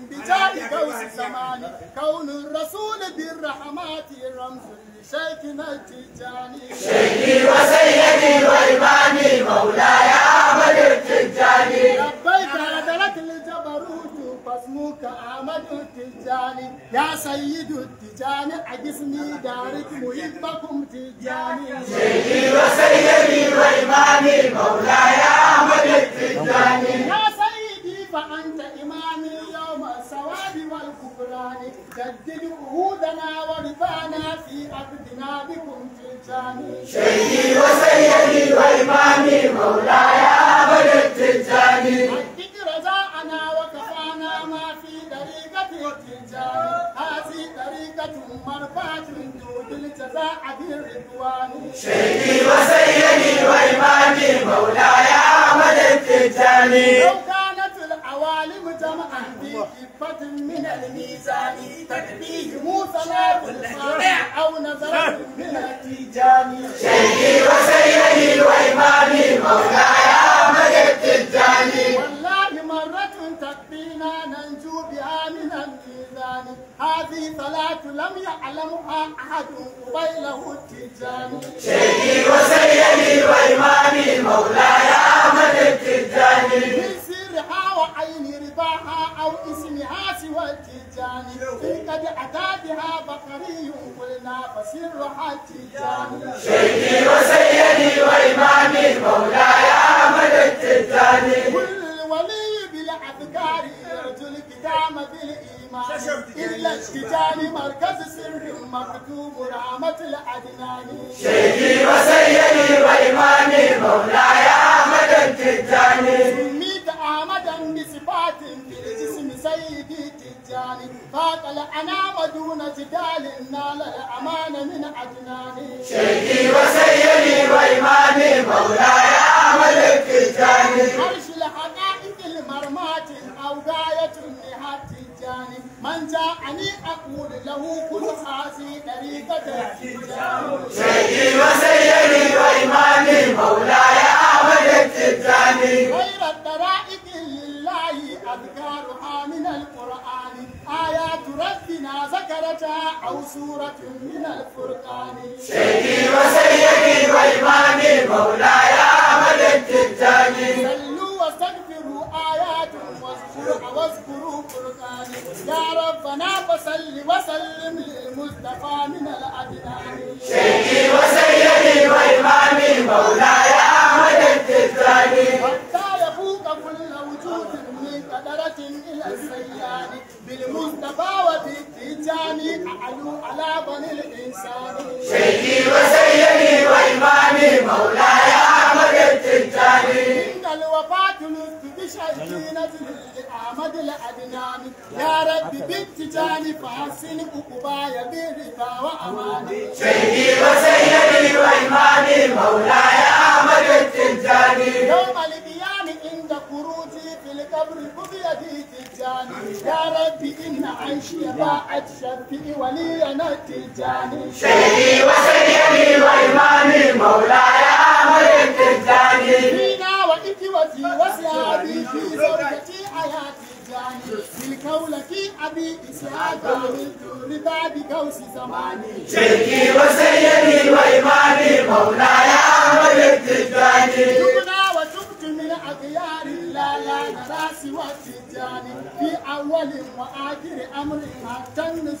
zamani kaunun rasul bin rahmati ramzul shaykhina tijani shaykhi wa sayyidi wa ya ahmad tijani labbayka adalat al jabarut tijani ya فأنت إمامي يوم السواد والكفران جدد عهودنا ورفعنا في عبدنا بكم في الجاني شيخي وسيدي وإمامي مولاي أبد التجاني حقق رجاءنا وكفانا ما في طريقة التجاني هذه طريقة مرفعة تود الجزاء بالرضوان شيخي وسيدي وإمامي مولاي أبد التجاني معالم جمعا في كفة من نعم. الميزان تكفيه نعم. مو صلاة أو نظرة نعم. من التيجان شيخي وسيدي الوإمامي مولاي أحمد التجاني والله مرة تكفينا ننجو بها من الميزان هذه صلاة لم يعلمها أحد قبيله التجاني شيخي وسيدي الوإمامي مولاي أحمد التجاني بها وعين رضاها أو اسمها سوى التيجان في قد أتى بها بقري قلنا فسرها التيجان شيخي وسيدي وإمامي مولاي أحمد التيجان والولي الولي بالأذكار يرجو الكتام بالإيمان إلا التيجان مركز سر مكتوب رامه الأدنان شيخي وسيدي ana maduna jidali inna la amana min ajnani shayki wa sayyidi wa imani mawla ya malik jani arshu al haqaiq al marmati aw gayat al nihati jani man ja ani aqul lahu kul hasi tariqat shayki wa sayyidi wa imani mawla أو سورة من الفرقان سيدي وسيدي وإمامي مولاي أحمد التجاني صلوا واستغفروا آيات واذكروا فرقاني يا ربنا فصل وسلم للمصطفى من الأدنان سيدي وسيدي وإمامي مولاي Sheki ba sai ya ne ba imani maula ya magar amadu la adinami. Ya rabbi bi ba ya bi rika wa amani. Sheki ba sai ya ne ba imani maula ya قبري بغيتي تجاني يا ربي إن عيشي باعت شفي ولي أنا تجاني سيدي وسيدي وإيماني مولاي أمر تجاني فينا وإنتي وزي وسيابي في زوجتي حياتي في قولك أبي إسحاق عملت لباب كوس زماني شيخي وسيدي وإمامي مولاي أمر تجاني تبنى وتبت من أغيار Say, you say, you say, you say, you say, you say, you say, you say, you say, you say, you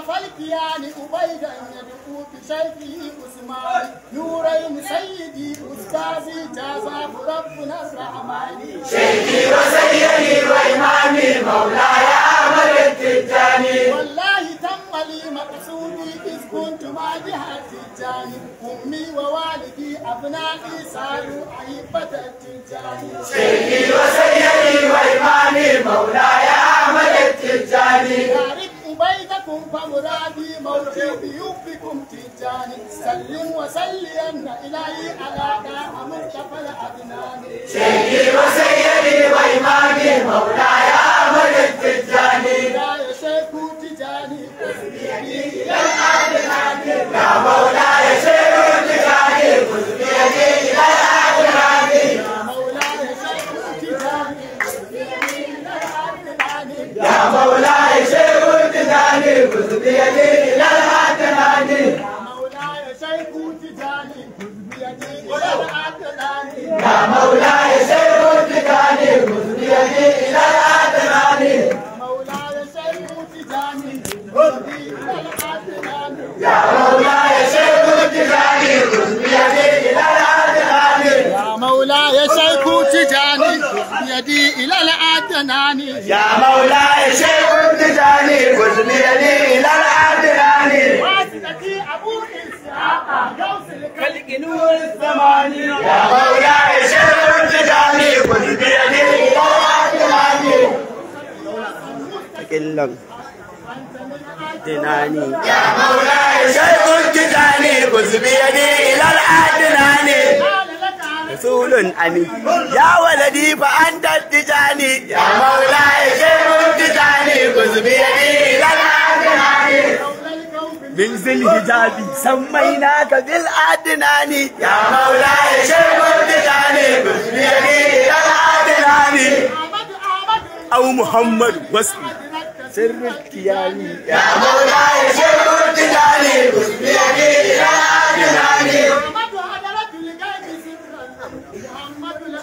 say, you say, you say, sharfi usman nurai musayidi ustazi jaza rabbu nasrahmani sheki wasai yali wa imami maula ya amal tijani wallahi tamali maqsudi iz kuntu ma jihad tijani ummi wa walidi abnai salu aibat tijani sheki wasai yali wa imami maula ya amal tijani بيتكم فمرادي موتي بيوفكم تيجاني سلم وسلين إلهي على داء مصطفى أبناني شيخي وسيدي وإمامي مولاي أمر التجاني يا شيخ تجاني وسبيني إلى الأبنان يا مولاي شيخ تجاني وسبيني إلى الأبنان يا مولاي شيخ تجاني وسبيني إلى الأبنان يا مولاي شيخ تنادي خذ بيدي لا لا تنادي يا مولاي شيخ تجاني خذ بيدي لا لا تنادي يا مولاي شيخ تجاني خذ بيدي لا لا تنادي يا مولاي شيخ تجاني خذ بيدي لا لا تنادي يا مولاي شيخ تجاني خذ بيدي لا لا تنادي يا مولاي شيخ تجاني خذ بيدي لا سناني يا مولاي شيخ تجاني وزميلي الى العدناني واسندي ابو اسحاق قوس الكلك نور الزمان يا مولاي شيخ تجاني وزميلي الى العدناني تكلم دناني يا مولاي شيخ تجاني وزميلي الى العدناني rasulun ami ya waladi fa anta tijani ya maulaye shemun tijani kuzbi yadi lana adinani min zil hijabi sammai na ka zil adinani ya maulaye shemun tijani kuzbi yadi lana adinani aw muhammad wasu sirrin kiyami ya maulaye shemun tijani kuzbi yadi lana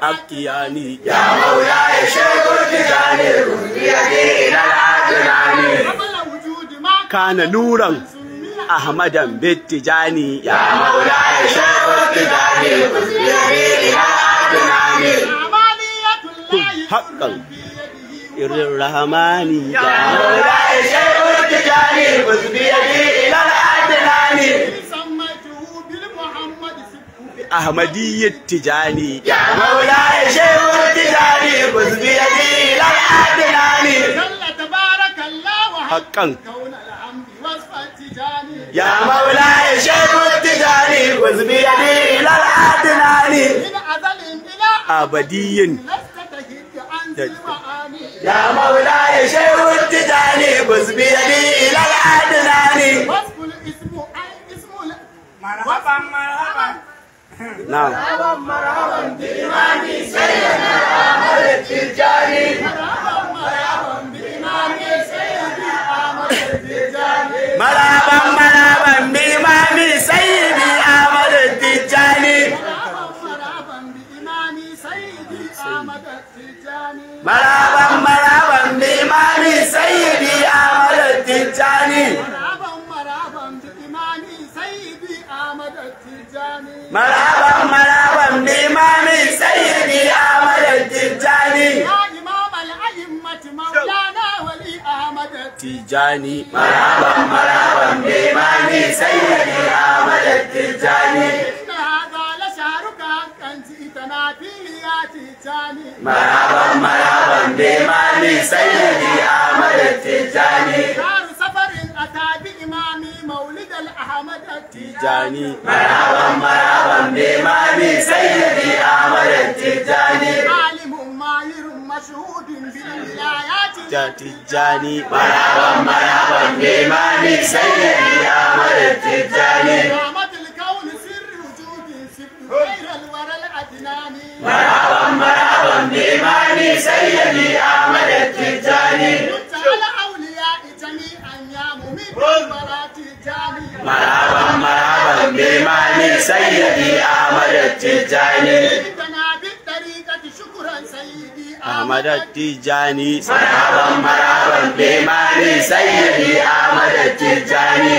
Akiyani Ya Maula ya shego tijani Rundiyage ilal adinani Kana nuran Ahmadan bittijani Ya Maula ya shego tijani Rundiyage ilal adinani Kun haƙƙan irin rahamani Ya Maula ya shego tijani Rundiyage ilal adinani أحمدية تجاني يا مولاي شيخ تجاني خذ بيدي إلى الأدناني تبارك الله حقا كون الحمد وصف التجاني يا مولاي شيخ تجاني خذ بيدي إلى الأدناني من أزل إلى أبدي يا مولاي شيخ تجاني خذ بيدي إلى الأدناني وصف الاسم أي اسم مرحبا مرحبا Now. مرحبا مرحبا بإمامي سيدي أحمد التجاني مرحبا بإمامي سيدي أحمد التجاني مرحبا مرحبا بإمامي سيدي أحمد التجاني marhaban marhaban bi mamin sayyidi Ahmad Tijani Tijani marhaban marhaban bi mamin sayyidi Ahmad Tijani marhaban marhaban bi mamin sayyidi Ahmad Tijani مولد الأحمد التجاني مرحبا مرحبا بإمامي سيدي أحمد التجاني عالم ماهر مشهود بالولايات التجاني مرحبا مرحبا بإمامي سيدي أحمد التجاني رحمة الكون سر وجودي سر غير الورى العدناني مرحبا مرحبا بإمامي سيدي أحمد التجاني maraban maraban be mani sayyidi ahmad tijani ahmad tijani maraban maraban be mani sayyidi ahmad tijani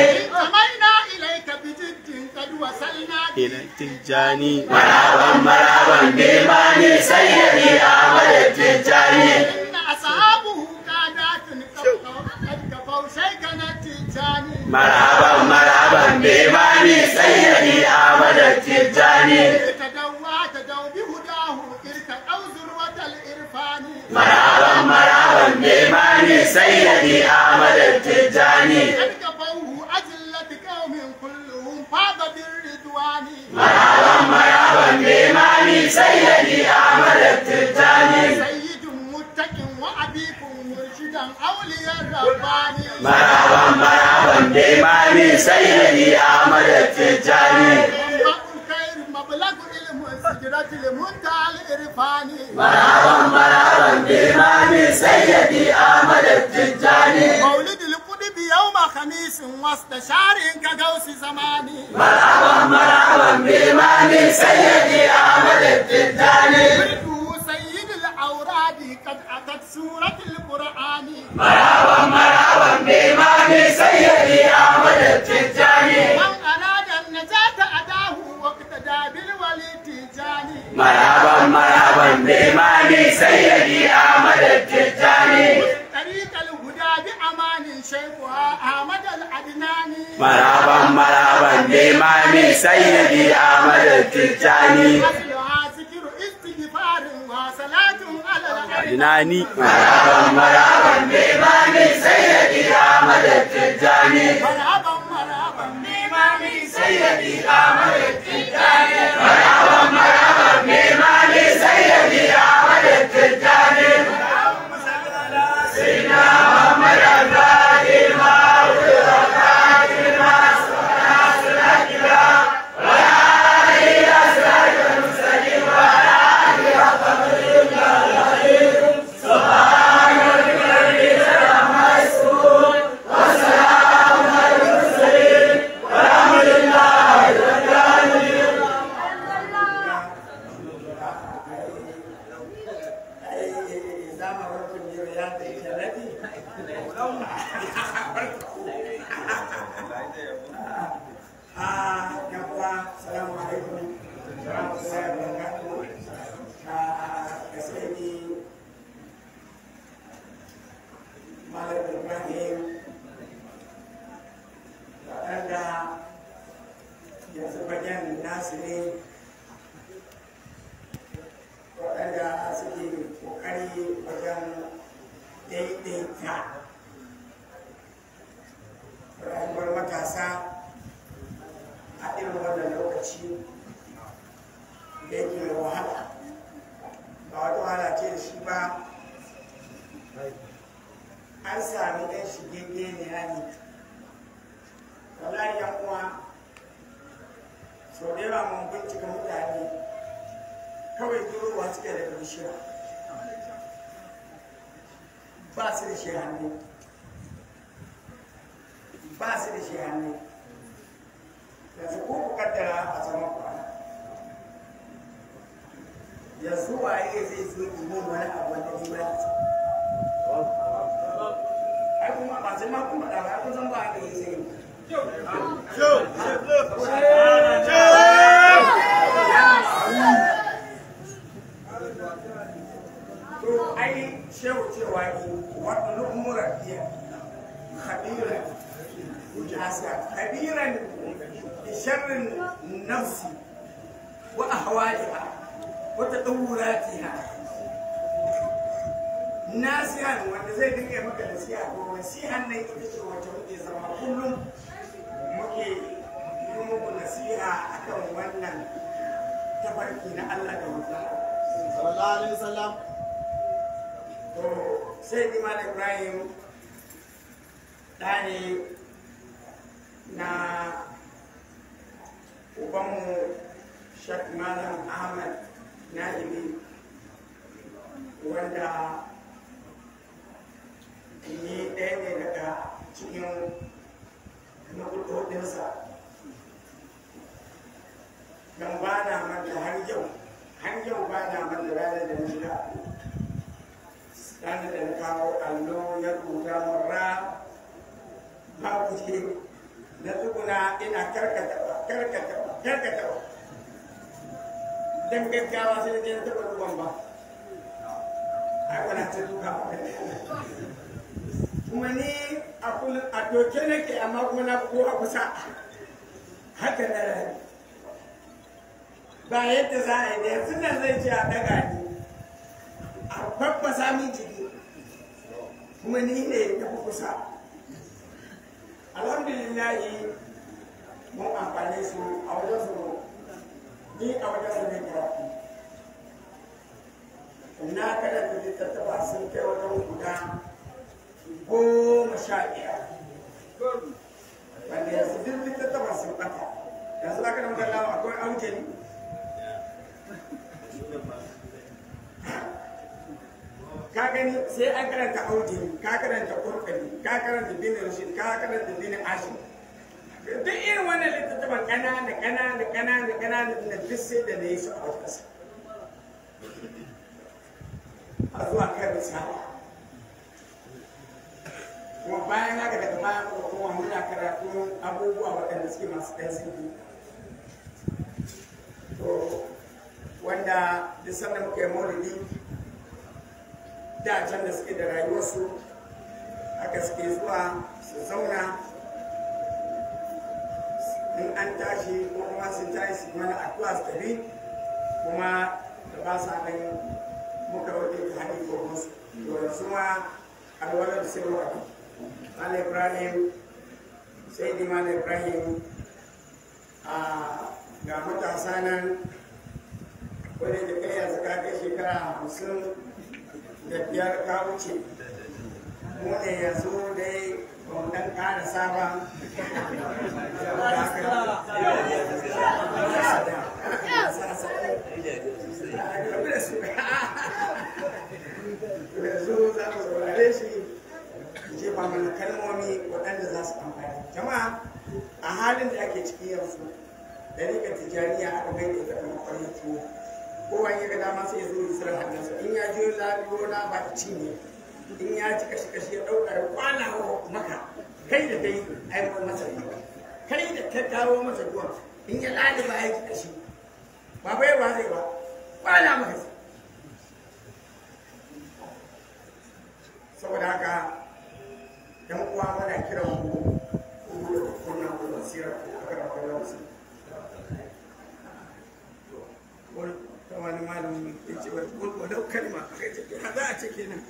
Maraban maraban be mani sayyidi ahmad tijani مرحبا مرحبا بإمامي سيدي أحمد التجاني تدوى تدو بهداه إرك ذروة الإرفان مرحبا مرحبا بإمامي سيدي أحمد التجاني أنقفوه أجلة قوم كلهم فاض بالرضوان مرحبا مرحبا بإمامي سيدي أحمد التجاني مرحبا مرحبا da imami sayyidi Ahmad Tijani مرحبا مرحبا بإمام سيدي أحمد التجاني مولد القطب يوم خميس وسط شعر كغوث زماني مرحبا مرحبا بإمام سيدي أحمد التجاني Maraban maraban ne ma ne sayyadi a madadin jani. Maraban maraban ne ma ne sayyadi a madadin jani. Maraban maraban ne ma ne sayyadi a madadin jani. Maraban maraban ne ma ne sayyadi a madadin jani. adinani maraban limami sayyidi ahmad tijani maraban maraban limami sayyidi ahmad tijani maraban maraban limami sayyidi ahmad tijani maraban maraban limami sayyidi ahmad tijani nasu ne waɗanda suke ƙoƙari wajen daidaita rayuwar matasa a irin wannan lokaci da yake wahala ba wata wahala ce da shi ba an sami ɗan shige ne ne wallahi yan uwa sau da yawa mun bincika mutane kawai turowa suke da bishira ba su da shi hannu ba su da shi hannu yanzu ko ku kaddara a zaman ku yanzu waye zai zo mun wani abu wanda zai ba ai kuma ba zai ma kuma da ba kun zan ba ka yi sai to ai shehu cewa wani umura iya kabira asa kabiran sharrin nafsi wa ahwaliha wa tadawuratiha nasihan wanda zai dinga maka nasiha to nasihan nan ita ce wacce muke zama kullum muke yi muku nasiha akan wannan tafarki na Allah da wuta. Sallallahu Alaihi Wasallam. To, sai ni ma Ibrahim ɗane na ubanmu Sheikh Malam Ahmad Najimi wanda ni ɗaya ne daga cikin na hudodinsa don ba na manta har yau har yau ba na manta ranar da na shiga ranar da na kawo allo ya rubuta murra babu ce na tsuguna ina karkatawa karkatawa karkatawa don gaggawa sai na je taɓa ruwan ba ai wana ta duka kuma ne. a doke ke amma kuma na ko a kusa haka na rayu ba yadda za a yi da yanzu nan zai ce a daga ne a faffasa min jiki kuma ni ne fi kusa yi mun amfani su a wajen su ni a wajen su ne karatu na ta littattafa sun kai wajen guda goma sha biyar wanda yanzu duk littattafan sun ɓata yanzu ka nan galla akwai aukeni ka gani sai an karanta ka karanta kurkani ka karanta binin rashin ka karanta binin ashin duk irin wannan littattafan ƙanana ƙanana ƙanana ƙanana da duk sai da na yi su a ofis a zuwa kan misali kuma bayan haka daga ko kuma kuma muna karatu abubuwa waɗanda suke masu ɗansi to wanda duk sanin muka maulidi da can da suke da rayuwarsu haka suke zuwa su zauna in an tashi ko kuma sun tashi su mana addu'a su tafi kuma da ba sa nan muka wajen ta hadi ko musu to yanzu ma alwalar sai wa Mal Ibrahim sai di Ibrahim a ga matasa nan wani da kai yanzu ka kai shekara hamsin da biyar ka wuce mu ne yanzu dai wannan ƙara saba da aka jama'a a halin da ake ciki yanzu da rikar tijariya aka bai da ita kamar kwarin tuwo kowa ya ga dama sai ya zo da sirar hannunsa in ya je labiyo na ba ci ne in ya ci kashi kashi ya ɗaukar kwana maka kai da kai aiko masa ruwa kai da ka kawo masa ruwa in ya ɗaliba ya ci kashi ba bai ba zai ba kwana maka saboda haka yan uwa muna kiran ku kira ko kana kallon wani wani malami kalma aka ce za a ce kenan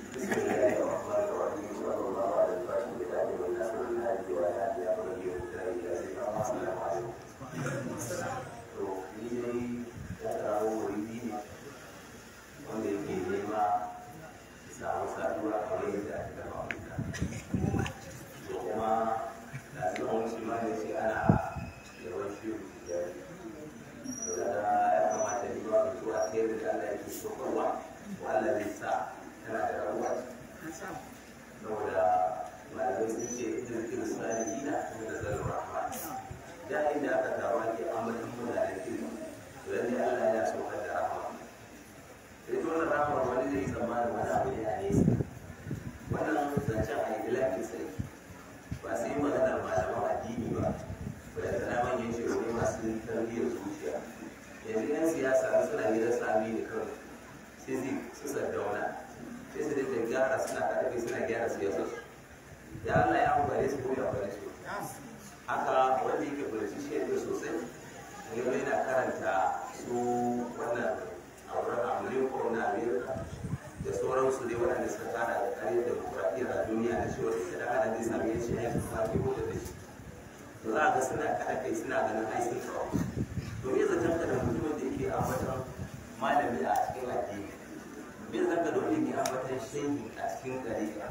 cikin ka?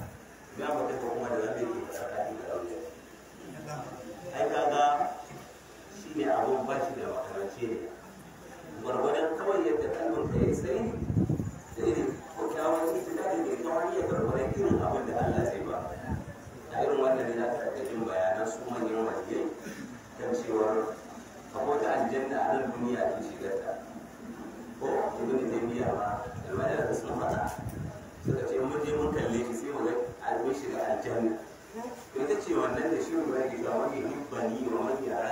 ya mutu ko kuma da wanda yake fara da aure ai kaga shi ne abun ba shi da makarance ne gwargwadon kawai yadda kalmar ka yi sai da irin kyakkyawan cikin da ke kawai ya gwargwadon irin abin da Allah zai ba a irin wannan ne na taɓa bayanan su manyan waliyai kan cewar akwai ta aljanna a nan duniya ke shigar ta ko ibn taymiya ma da majalisa sun faɗa suka ce mun je mun kalle shi sai mu ga alwai shiga aljanna ita ce wannan da shi ba ya gida wani hibbani wa wani yara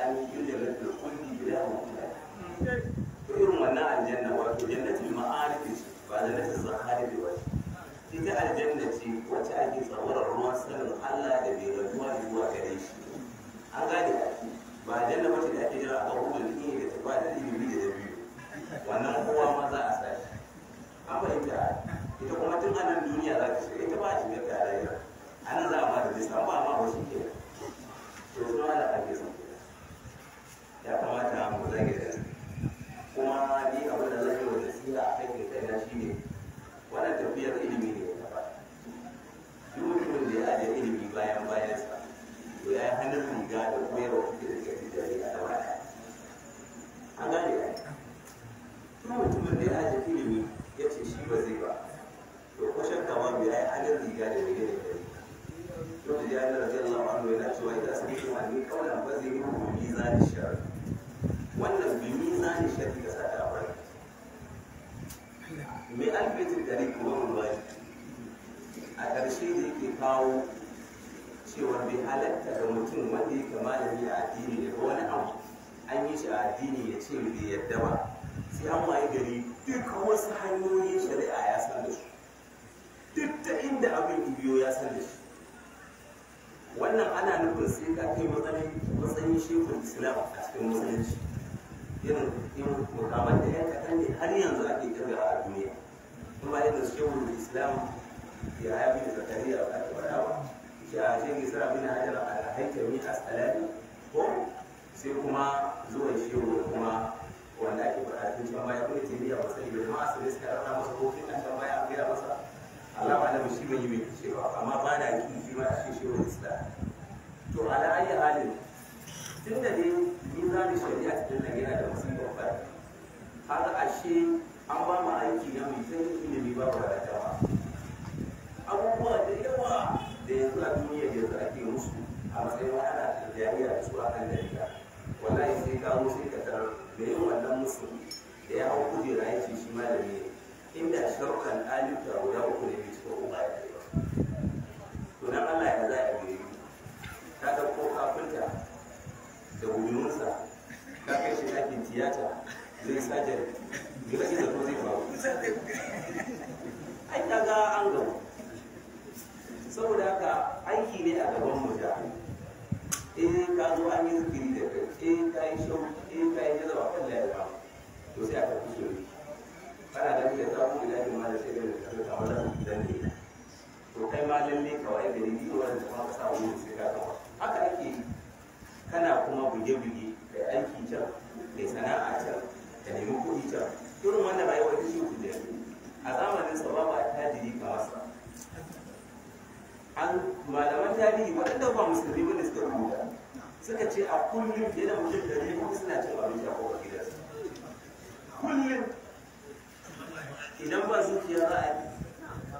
idan ba zuciya za a yi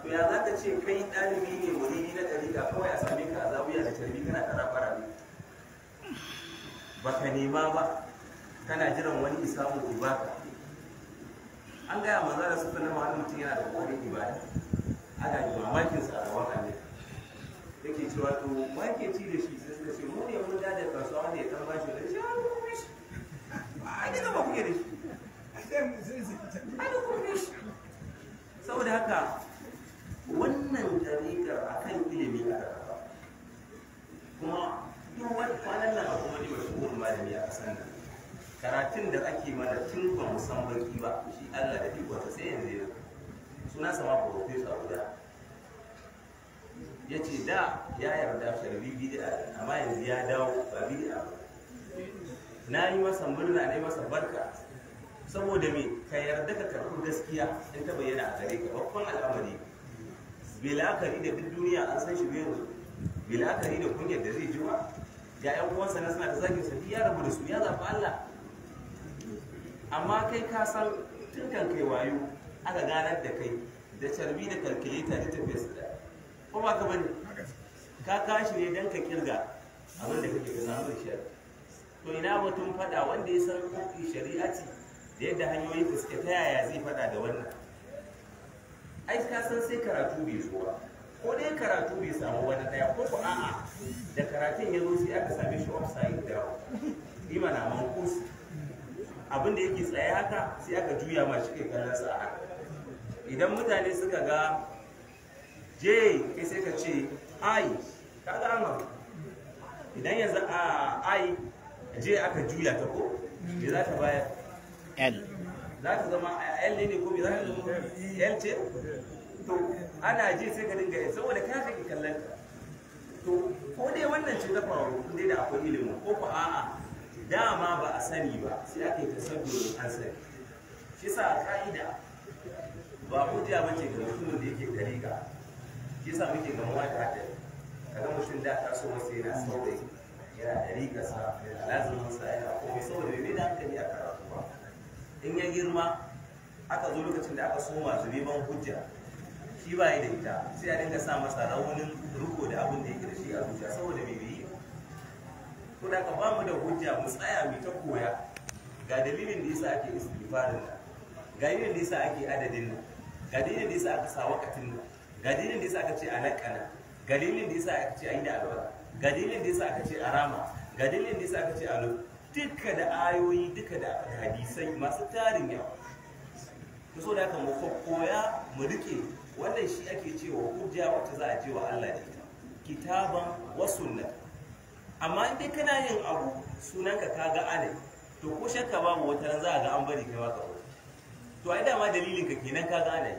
to ya za ka ce kai ɗalibi ne muridi na ɗariƙa kawai a same ka a zabuya da tarbi kana tara fara ne ba ka nema ba kana jiran wani isa mu ba ka an gaya maza da suka nama wani mutum yana da kwarin ibada ana yi mamakin sa a wani yake cewa to wake ci da shi sai ka ce mu ne mun da kasuwa ne saboda haka wannan a akan ilimi a kuma duk wani kwanan nan kuma wani mai shugaban malami a ƙasar nan karatun da ake mana tun ba musamman ki ba shi Allah da duk wata sai yanzu yanzu suna sama profesa guda ya ce da ya yarda da bid'a amma yanzu ya dawo ba ba na yi masa murna ne masa barka saboda me ka yarda ka karɓi gaskiya in ta bayyana a gare ka babban al'amari bilakari da duk duniya an san shi bai bilakari da kunyar da zai ji ba ga yan uwansa na suna da zagin sa ya rabu da su ya zaɓi Allah amma kai ka san tun kan kai wayo aka ganar da kai da carbi da kalkuleta da tafiya su da ko ba ka bane ka kashi ne dan ka kirga abin da kake ka samun shi to ina mutum fada wanda ya san shari'a ce da yadda hanyoyin da ta yaya zai faɗa da wannan ai ka san sai karatu bai zo ba ko dai karatu bai samu wani daya ko ko a'a da karatun ya zo sai aka same shi offside down lima na mankus abin da yake tsaye haka sai aka juya ma shi kai kallon sa a idan mutane suka ga je kai sai ka ce ai ga an idan yanzu a ai je aka juya ta ko me za ta bayar l za ta zama l ne ne ko za ta zama l ce to ana ji sai ka dinga yi saboda ka kake kallon ta to ko dai wannan ce ta faru dai da akwai ilimi ko ko a'a dama ba a sani ba sai ake aka yi tasabburin an sani shi sa ka'ida ba ku ba bace ga mutumin da yake dariƙa shi sa muke ga mawa da ka kaga mutum da ta so masu yana saurayi yana dariƙa sa yana lazumin sa yana komai saboda bai da hankali a karatu in ya girma aka zo lokacin da aka soma neman hujja shi ba da ita sai a dinga sa masa raunin riko da abin da ya da shi a zuciya saboda bai yi ko da ka ba mu da hujja mu tsaya mu ta koya ga dalilin da yasa ake istighfarin ga dalilin da yasa ake adadin ga dalilin da yasa aka sa wakatin ga dalilin da yasa aka ce a nakana ga dalilin da yasa aka ce a yi da alwala ga dalilin da yasa aka ce a rama ga dalilin da yasa aka ce a lokacin duka da ayoyi duka da hadisai masu tarin yawa ku so da aka mu koya mu rike wannan shi ake cewa hujja wata za a je wa Allah da ita kitaban wa sunnah amma in dai kana yin abu sunanka kaga alai to ko shakka ba wata ran za a ga an bari kai maka ka To to ai dama dalilin ka kenan kaga alai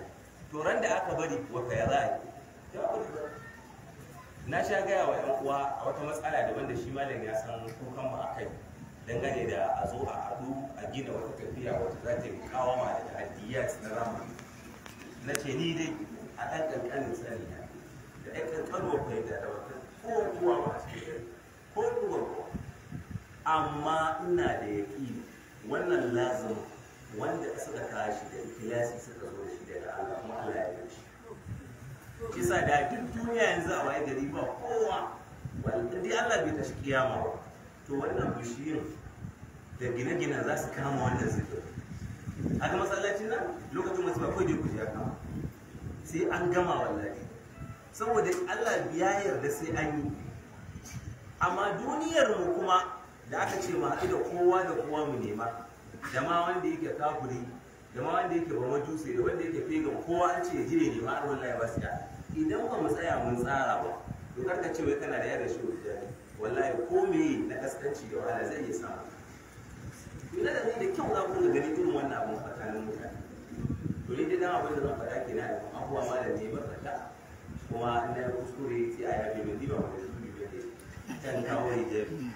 to ran da aka bari wata ya za a yi na sha gaya wa 'yan uwa a wata matsala daban da shi malam ya san kukan mu kai dangane da a zo a haɗu a gina wata tafiya wata za ta kawo ma da ta'addiyat na zamani na ce ni dai a ɗan ƙanƙanin tsaniya, da ɗan ƙanƙanuwar fahimta da wata ko kuwa ba a cikin ko kuwa ba amma ina da yaƙi wannan lazim wanda suka shi da ikilasi suka zo da shi daga Allah kuma Allah ya yi kisa da duk duniya yanzu a waye gari ba kowa wanda dai Allah bai tashi kiyama ba to wannan bishiyun da gine-gine za su kama wannan A ga masallacin nan lokacin masu bakwai da ya kama sai an gama wallahi saboda Allah ya yarda sai an yi amma duniyar mu kuma da aka ce ma da kowa da kowa mu nema da ma wanda yake kafuri da ma wanda yake bama dutse da wanda yake fega kowa an ce ya je ya nema har ya ba idan ba mu tsaya mun tsara ba to karka ce wai kana da yada shi wajen wallahi ko me na kaskanci da wahala zai iya samu ina da da kyau za ku ga gani irin wannan abun tsakanin mutane to ni dai dan abin da zan faɗa ke kenan a abuwa ne ba tsaka kuma in na kuskure sai a yabe mai diba mai zubi ba ne kan kawo hijabi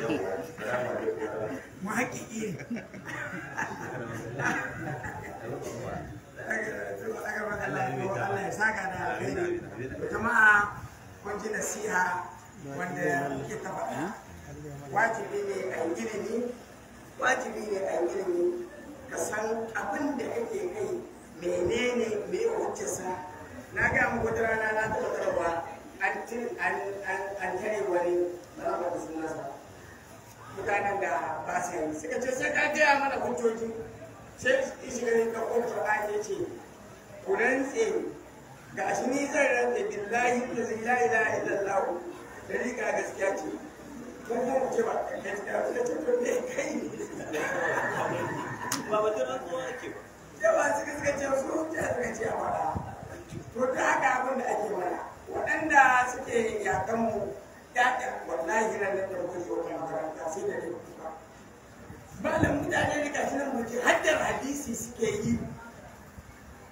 yawa salamu alaikum mu haƙiƙi Allah ya saka da alheri jama'a kun ji nasiha wanda ya ta faɗa wajibi ne a ilimi wajibi ne a ilimi ka san abin da ake kai menene me hujjarsa na ga mu wata rana na taɓa tarwa an tare wani ba za ka sa mutanen da ba su yi suka ce sai ka gaya mana hujjoji sai shi gani ka kwanta ba ya ce ku rantse ga shi ni zan rantse billahi da zai la ilaha illallah dariƙa gaskiya ce don haka ce ba gaskiya ce ce to me kai ba ba ta rantsuwa ake ba cewa suka suka ce su ta suka ce a faɗa to ta haka abin da ake mana waɗanda suke yakan mu ya'yan wallahi ran da ta kuke wata makaranta sai da ne malam mutane ne ga nan muke haddar hadisi suke yi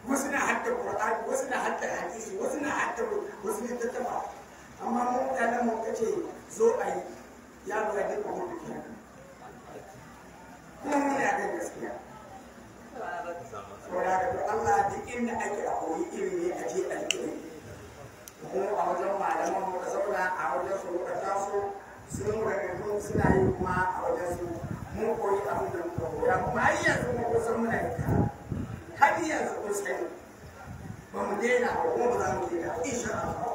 wasu na haddar qur'ani wasu na haddar hadisi wasu na haddar wasu ne ta tafa amma mu mutanen mu kace zo a yi Ya buga duk abin da ke kuma mun ya kai gaskiya saboda ka to Allah duk inda ake a koyi ne a je a yi kuma a wajen malaman mu da zauna a wajen su ka taso sun rarrabu suna yi kuma a wajen su mun koyi abin da muka koya kuma har yanzu mun kusan muna yi har yanzu kun sai ba mu daina ba kuma ba za mu daina insha Allah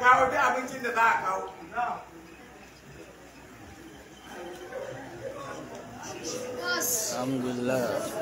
i duk abincin da za a kawo Alhamdulillah.